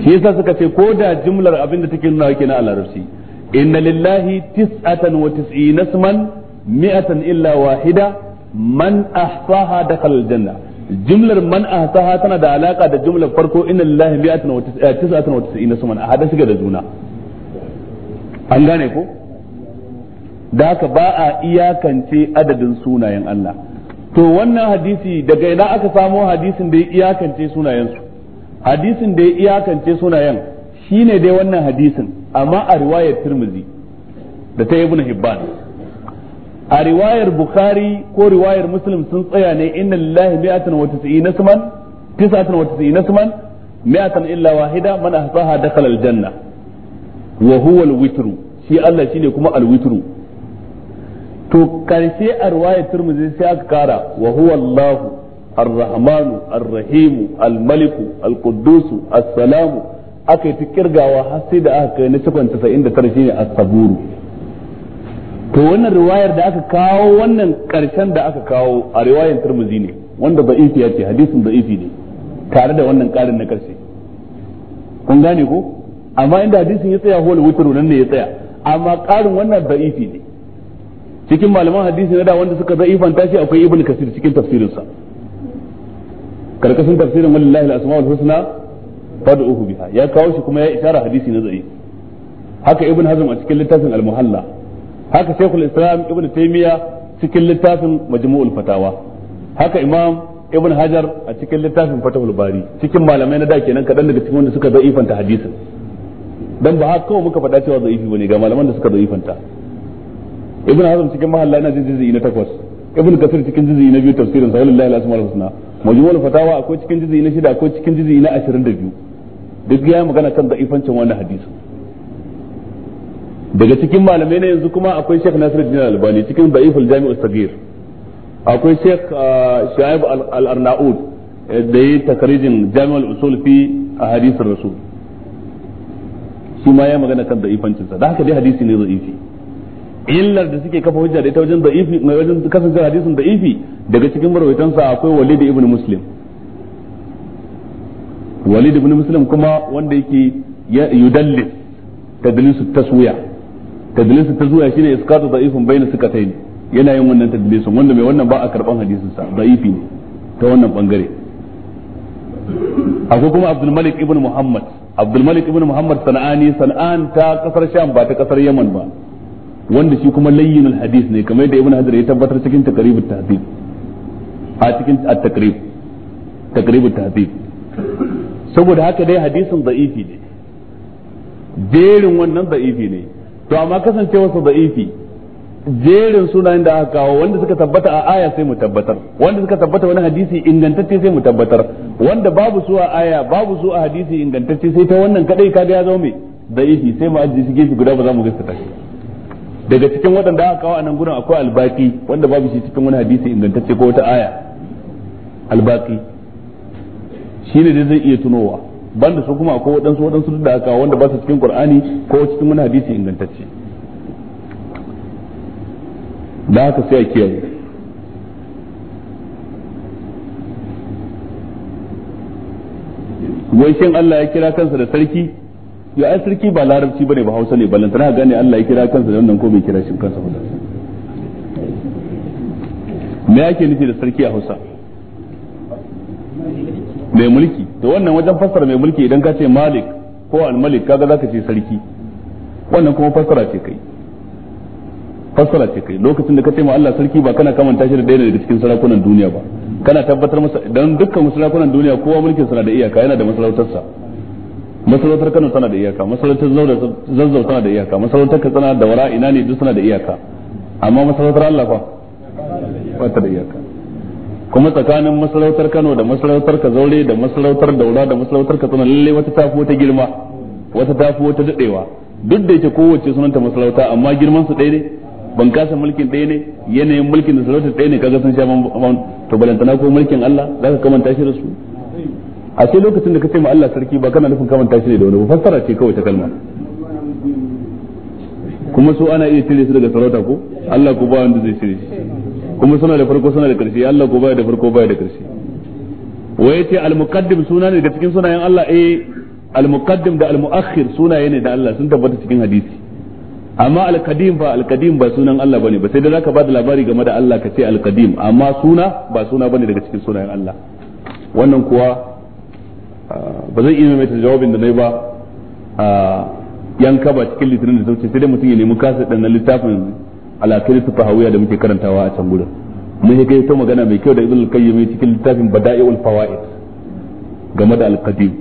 shi yasa suka ce ko da jumlar abin da take nuna yake na Allah rashi inna lillahi tis'atan wa tis'ina isman mi'atan illa wahida man ahsaha dakhala janna. jumlar man ahsaha tana da alaka da jumlar farko inna lillahi mi'atan wa eh, tis'atan wa tis'ina suman a hada suke da juna an gane ko da haka ba a iyakance adadin sunayen Allah to wannan hadisi daga ina aka samo hadisin da ya iyakance sunayen su hadisin da ya iyakance sunayen shine dai wannan hadisin amma a riwayar Tirmidhi da ta Ibn Hibban a riwayar bukhari ko riwayar muslim sun tsaya ne inna lillahi mi'atan wa tis'ina isman tis'atan wa tis'ina isman mi'atan illa wahida man ahsaha dakhala aljanna wa huwa alwitru shi Allah shine kuma alwitru to karshe a riwayar turmuzi sai aka kara wa huwa Allah الرحمن الرحيم الملك القدوس السلام aka yi ta kirgawa har sai da aka kai na cikon 99 shine as-saburu to wannan riwayar da aka kawo wannan karshen da aka kawo a riwayar turmuzi ne wanda da'ifi ya ce hadisin da'ifi ne tare da wannan karin na karshe kun gane ko amma inda hadisin ya tsaya hol wuturu nan ne ya tsaya amma karin wannan da'ifi ne cikin malaman hadisi na da wanda suka da'ifan tashi akwai ibn kasir cikin tafsirinsa karkashin tafsirin wallahi al-asmaul husna fad'uhu biha ya kawo shi kuma ya isara hadisi na da'ifi haka ibn hazm a cikin littafin al-muhalla haka shaykhul islam ibn taymiya cikin littafin majmu'ul fatawa haka imam ibn hajar a cikin littafin fatahul bari cikin malamai na da kenan kadan daga cikin wanda suka zo ifanta hadisin dan ba haka kawai muka faɗa cewa zaifi bane ga malaman da suka zo ifanta ibn hazm cikin mahalla na jin jizi na takwas ibn kasir cikin jizi na biyu tafsirin sa wallahi al-asmaul husna majmu'ul fatawa akwai cikin jizi na shida akwai cikin jizi na 22 duk ya magana kan zaifancin wannan hadisin daga cikin malamai na yanzu kuma akwai Sheikh Nasiruddin Albani cikin Da'iful Jami'us Sagir akwai Sheikh uh, Shu'aib Al-Arnaud eh, da yi takarijin Jami'ul Usul fi ahadithir Rasul shi ma ya magana kan da'ifancin sa da haka dai hadisi ne da'ifi illar da suke kafa hujja da ita wajen da'ifi wajen kasance hadisin da'ifi daga cikin marwaitan sa akwai Walid ibn Muslim Walid ibn Muslim kuma wanda yake yudallis tadlisu taswiya tadlisin ta zuwa shine iskatu da'ifun bayna sukatayn yana yin wannan tadlisin wanda mai wannan ba a karban hadisin sa da'ifi ne ta wannan bangare akwai kuma Abdul Malik ibn Muhammad Abdul Malik ibn Muhammad Sana'ani Sana'an ta kasar Sham ba ta kasar Yaman ba wanda shi kuma layyinul hadis ne kamar yadda Ibn Hajar ya tabbatar cikin taqribut tahdhib a cikin at-taqrib taqribut tahdhib saboda haka dai hadisin da'ifi ne jerin wannan da'ifi ne to amma kasancewar su da'ifi jerin sunayen da aka kawo wanda suka tabbata a aya sai mu tabbatar wanda suka tabbata wani hadisi ingantacce sai mu tabbatar wanda babu su a aya babu su a hadisi ingantacce sai ta wannan kadai kaga ya zama mai da'ifi sai mu ajiye shi gefe guda ba za mu gaskata shi daga cikin waɗanda aka kawo a nan gurin akwai albaki wanda babu shi cikin wani hadisi ingantacce ko wata aya albaki shine da zai iya tunowa banda su kuma akwai waɗansu waɗansu da aka wanda ba su cikin qur'ani ko cikin wani hadisi ingantacce da haka sai a kiyaye wai shin Allah ya kira kansa da sarki ya ai sarki ba larabci bane ba Hausa ne ballantana gane Allah ya kira kansa da wannan ko bai kira shi kansa ba me yake nufi da sarki a Hausa mai mulki to wannan wajen fassara mai mulki idan ka ce malik ko al-malik kaga zaka ce sarki wannan kuma fassara ce kai fassara ce kai lokacin da ka ce ma Allah sarki ba kana kamanta shi da daina daga cikin sarakunan duniya ba kana tabbatar masa dan dukkan sarakunan duniya kowa mulkin sa da iyaka yana da sa. masarautar Kano tana da iyaka masarautar Zazzau tana da iyaka masarautar Katsina da Wara ina ne duk suna da iyaka amma masarautar Allah fa ba ta da iyaka kuma tsakanin masarautar Kano da masarautar Kazaure da masarautar Daura da masarautar Katsina lalle wata tafi wata girma wata tafi wata dadewa duk da yake kowace sunanta masarauta amma girman su ɗaya ne kasa mulkin ɗaya ne yanayin mulkin da sarauta ɗaya ne kaga sun sha man to balantana ko mulkin Allah za ka kamanta shi da su a ce lokacin da ka ma Allah sarki ba kana nufin kamanta shi ne da wani ba fassara ce kawai ta kalma kuma so ana iya cire su daga sarauta ko Allah ko ba wanda zai cire shi kuma suna da farko suna da karshe Allah ko baya da farko baya da karshe wai yace al muqaddim suna ne da cikin sunayen Allah eh al muqaddim da al muakhir suna ne da Allah sun tabbata cikin hadisi amma al qadim ba al qadim ba sunan Allah bane ba sai da zaka bada labari game da Allah ka ce al qadim amma suna ba suna bane daga cikin sunayen Allah wannan kuwa ah, ba zan iya mai jawabin da nayi ba ah, yan kaba cikin litinin da sauce sai dai mutum ya nemi kasa dan littafin ala tulisi fahawiya da muke karantawa a can gurin mun yi kai magana mai kyau da ibn al-qayyim cikin littafin bada'iul fawaid game da al-qadim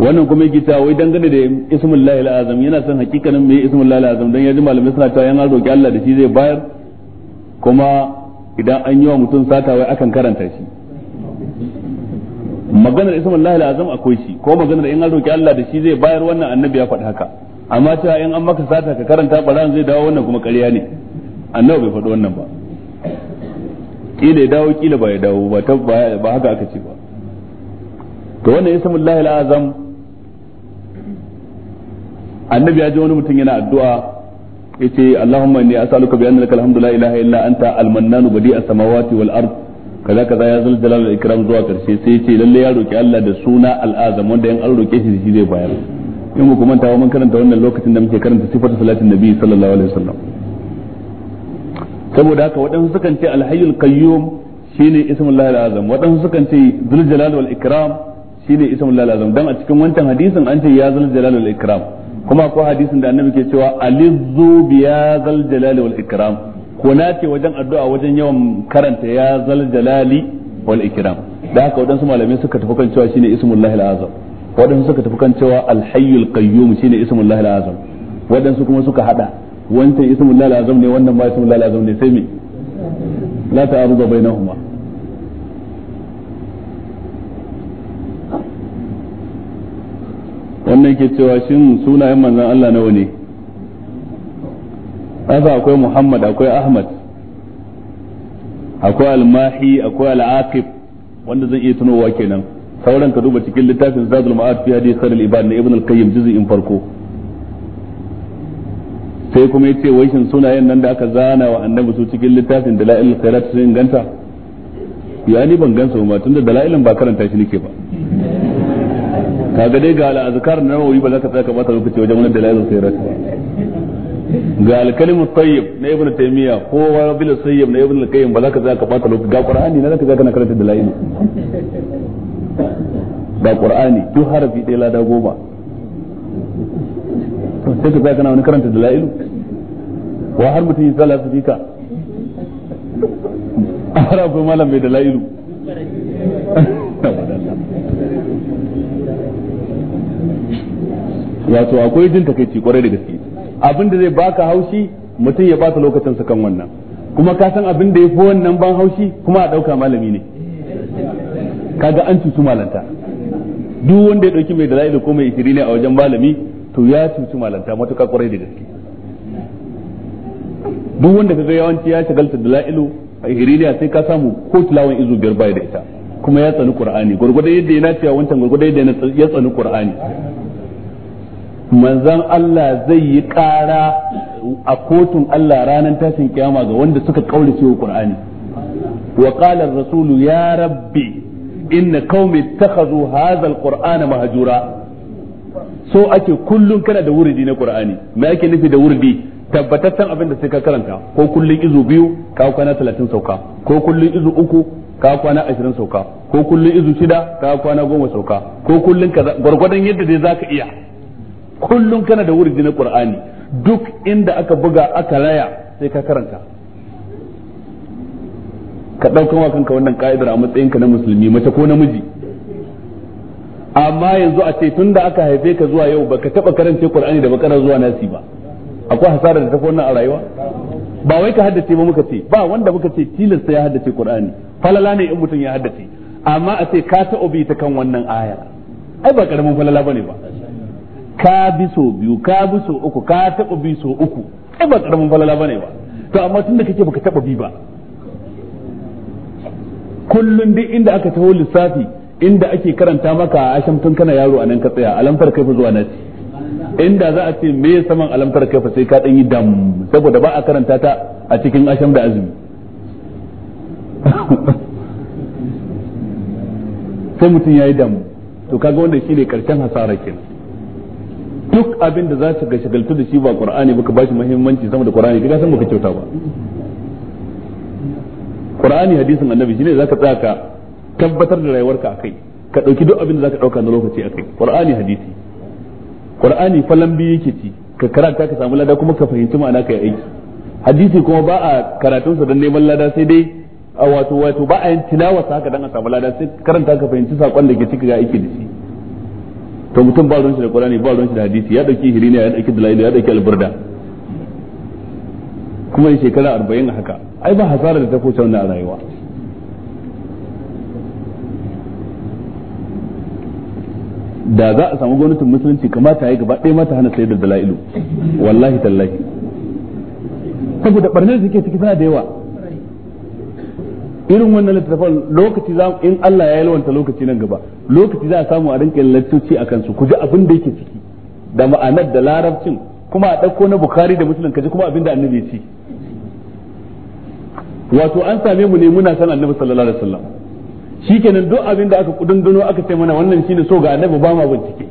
wannan kuma yake cewa wai dangane da ismul lahi al-azam yana son hakikanin me ismul lahi al-azam dan yaji malamai suna cewa yana roki Allah da shi zai bayar kuma idan an yi wa mutum sata wai akan karanta shi maganar isma Allah azam akwai shi ko maganar in an roki Allah da shi zai bayar wannan annabi ya faɗi haka amma ta in an maka sata ka karanta baran zai dawo wannan kuma ƙarya ne annabi bai faɗi wannan ba kila ya dawo kila ba ya dawo ba ta ba haka aka ce ba to wannan isma Allah azam annabi ya ji wani mutum yana addu'a yace Allahumma inni as'aluka bi annaka alhamdu la ilaha illa anta al-mannanu badi'a samawati wal ardh kaza kaza ya zal dalal ikram zuwa karshe sai ce lalle ya roki Allah da suna al'azam wanda in an roke shi shi zai bayar in mu kuma tawo mun karanta wannan lokacin da muke karanta sifatu salatin nabi sallallahu alaihi wasallam saboda haka waɗansu sukan ce alhayyul qayyum shine ismullahi waɗansu sukan ce zul jalal wal ikram shine ismullahi dan a cikin wancan hadisin an ce ya zul jalal wal ikram kuma akwai hadisin da annabi ke cewa alizzu bi ya zal jalal wal ikram ko nace wajen addu'a wajen yawan karanta ya zal jalali wal ikram da haka waɗansu malamai suka tafi kan cewa shine ismullahi azam waɗansu suka tafi kan cewa alhayyul hayyul qayyum shine ismullahi azam waɗansu kuma suka hada wancan ismullahi azam ne wannan ma ismullahi azam ne sai me la ta'arudu bainahuma wannan ke cewa shin sunayen manzon Allah nawa ne kaga akwai Muhammad akwai Ahmad akwai Al-Mahi akwai Al-Aqib wanda zan iya tunowa kenan sauran ka duba cikin littafin Zadul Ma'ad fi hadith Khalil Ibad na Ibn Al-Qayyim juz'in farko sai kuma yace wai shin sunayen nan da aka zana wa annabi su cikin littafin Dalail Khairat sun inganta ya ni ban gansa ba tunda dalailin ba karanta shi nake ba kaga dai ga al-azkar na nawawi ba za ka tsaya ka bata lokaci wajen wannan dalailin khairat ba ga alkalimu tayyib na ibnu taymiya ko rabil sayyib na ibnu al ba za ka zaka ka bata lokaci ga qur'ani na za ka zaka na karanta da layin ga qur'ani duk harafi ɗaya lada goma to sai ka zaka na wani karanta da layin wa har mutum ya sala su ka har malam mai da layin wato akwai jin takaici kwarai da gaske abin da zai baka haushi mutum ya bata lokacin su kan wannan kuma ka san abin da ya fi wannan ban haushi kuma a ɗauka malami ne kaga an cuci malanta duk wanda ya ɗauki mai la'ilu ko mai isiri ne a wajen malami to ya cuci malanta matuƙa kwarai da gaske duk wanda kaga yawanci ya shagalta la'ilu a ne sai ka samu ko tilawan izu biyar baya da ita kuma ya tsani qur'ani gurgurda yadda ya nace wancan gurgurda yadda ya tsani qur'ani manzan Allah zai yi ƙara a kotun Allah ranar tashin kiyama ga wanda suka kaurace wa Qur'ani wa qala rasulu ya rabbi inna qaumi ittakhadhu hadha al-qur'ana mahjura so ake kullun kana da wuridi na Qur'ani me ake nufi da wuridi tabbataccen abin da sai ka karanta ko kullun izu biyu ka kwana 30 sauka ko kullun izu uku ka kwana ashirin sauka ko kullun izu shida ka kwana goma sauka ko kullun kaza gwargwadon yadda dai zaka iya kullum kana da wurdi na qur'ani duk inda aka buga aka laya sai ka karanta ka ɗaukan wa kanka wannan ka'idar a matsayinka na musulmi mace ko namiji amma yanzu a ce tunda aka haife ka zuwa yau baka taba karanta qur'ani da bakara zuwa nasi ba akwai hasara da ta fi wannan a rayuwa ba wai ka haddace ba muka ce ba wanda muka ce tilasta ya haddace qur'ani falala ne in mutum ya haddace amma a ce ka ta obi ta kan wannan aya ai ba karamin falala bane ba ka bi so biyu ka bi so uku ka taba bi so uku ai ba karamin falala bane ba to amma tun da kake baka taba bi ba kullun duk inda aka taho lissafi inda ake karanta maka asham tun kana yaro anan ka tsaya alamfar fa zuwa naci. inda za a ce me saman alamfar fa sai ka ɗan yi dam saboda ba a karanta ta a cikin asham da azumi *laughs* sai mutum ya yi dam to kaga wanda shine karshen hasarar kenan duk abin da za su ga shagaltu da shi ba qur'ani ka ba shi muhimmanci sama da qur'ani kaga san baka kyauta ba qur'ani hadisin annabi shine zaka tsaya ka tabbatar da rayuwarka akai ka dauki duk abin da zaka dauka na lokaci akai qur'ani hadisi qur'ani falan biyu yake ci ka karanta ka samu lada kuma ka fahimci ma'ana ka yi aiki hadisi kuma ba a karatun sa don neman lada sai dai a wato wato ba a yin tilawa haka dan a samu lada sai karanta ka fahimci sakon da ke ciki ga aiki da shi to mutum ba ruwan shi da qur'ani ba ruwan shi da hadisi ya dauki hirina ya dauki dalil ya dauki alburda kuma ya shekara 40 haka ai ba hasara da ta kuce wannan a rayuwa da za a samu gwamnatin musulunci kamata ya gaba ɗaya mata hana sayar da dalilu wallahi tallahi saboda barnar da suke ciki suna da yawa irin wannan littattafan lokaci za in Allah ya yalwanta lokaci nan gaba lokaci za a samu a rinka lantarki a kansu ku ji abin da yake ciki da ma'anar da larabcin kuma a ɗauko na bukari da musulun kaji kuma abin da annabi ya ci wato an same mu ne muna san annabi sallallahu alaihi wasallam shikenan duk abin da aka kudunduno aka ce mana wannan shine so ga annabi ba ma bincike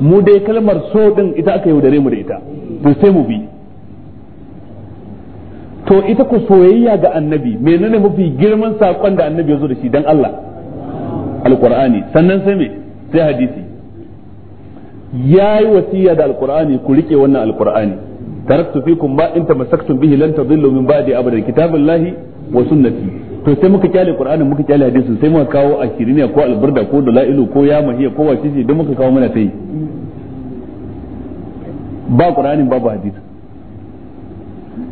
mu dai kalmar so din ita aka yaudare mu da ita to sai mu bi to ita ku soyayya ga annabi menene mafi girman sakon da annabi ya zo da shi dan Allah alqur'ani sannan sai me sai hadisi yayi wasiya da alqur'ani ku rike wannan alqur'ani taraktu fikum ba in tamassaktum bihi lan tadillu min ba'di abadan kitabullahi wa sunnati to sai muka kyale qur'anin muka kyale hadisin sai muka kawo ashiriniya ko alburda ko dalailu ko ya mahiya ko wace ce muka kawo mana ta yi ba qur'anin babu hadisi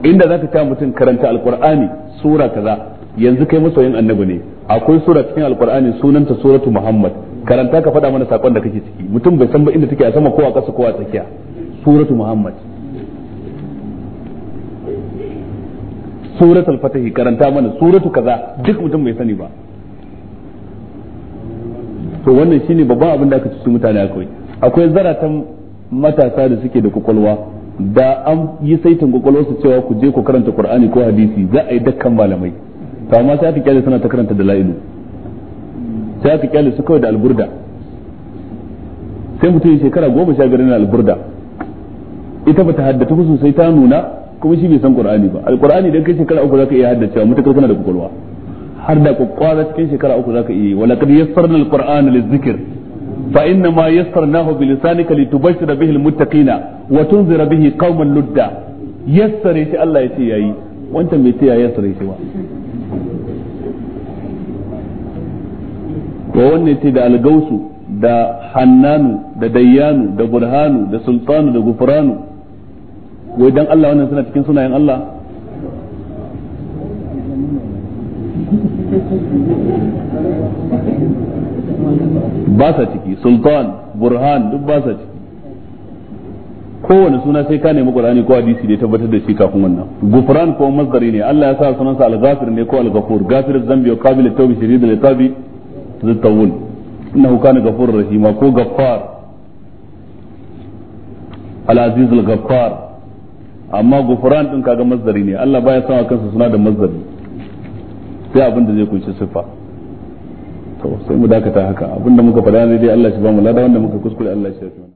inda zaka ta mutum karanta alqur'ani sura kaza yanzu kai masoyin annabi ne akwai sura cikin alqur'ani sunanta suratu muhammad karanta ka faɗa mana sakon da kake ciki mutum bai san ba inda take a sama ko a ƙasa ko a tsakiya suratu muhammad suratul fatahi karanta mana suratu kaza duk mutum bai sani ba to wannan shine babban abin da aka ci mutane akwai akwai zaratan matasa da suke da kwakwalwa da an yi saitin kwakwalwarsu cewa ku je ku karanta qur'ani ko hadisi za a yi dakkan malamai to amma sai aka suna ta karanta dalailu sai aka kyale su kawai da alburda sai mutum shekara goma sha biyar na alburda ita bata haddata ku sosai ta nuna kuma shi bai san qur'ani ba alqur'ani dan kai shekara uku zaka iya haddacewa mutakar kana da kwakwalwa har da kwakwalwa cikin shekara uku zaka iya wala yi yassarna alqur'ana lizikr fa inna ma yassarnahu bi lisanika litubashshira bihi almuttaqina wa tunzira bihi qauman ludda yassare shi Allah ya ce yayi wancan bai ce ya yassare shi wa. ko wanne ce da algausu da hannanu da dayyanu da burhanu da sultanu da gufranu wai dan Allah wannan suna cikin sunayen Allah ba sa ciki sultan burhan duk ba sa ciki kowane suna sai ka nemi qur'ani ko hadisi da tabbatar da shi kafin wannan gufran ko mazari ne Allah ya sa sunansa al-ghafir ne ko al-ghafur ghafir dhanbi wa qabil at-tawbi shadid al-iqabi zat-tawul innahu kana ghafurur rahima ko ghaffar al-aziz al-ghaffar amma gufran din kaga mazari ne Allah baya sa kansa suna da mazari. sai abin da zai kunshi siffa to sai mu dakata haka abin da muka faɗa ne dai Allah shi ba mu lada wanda muka kuskure Allah shi ya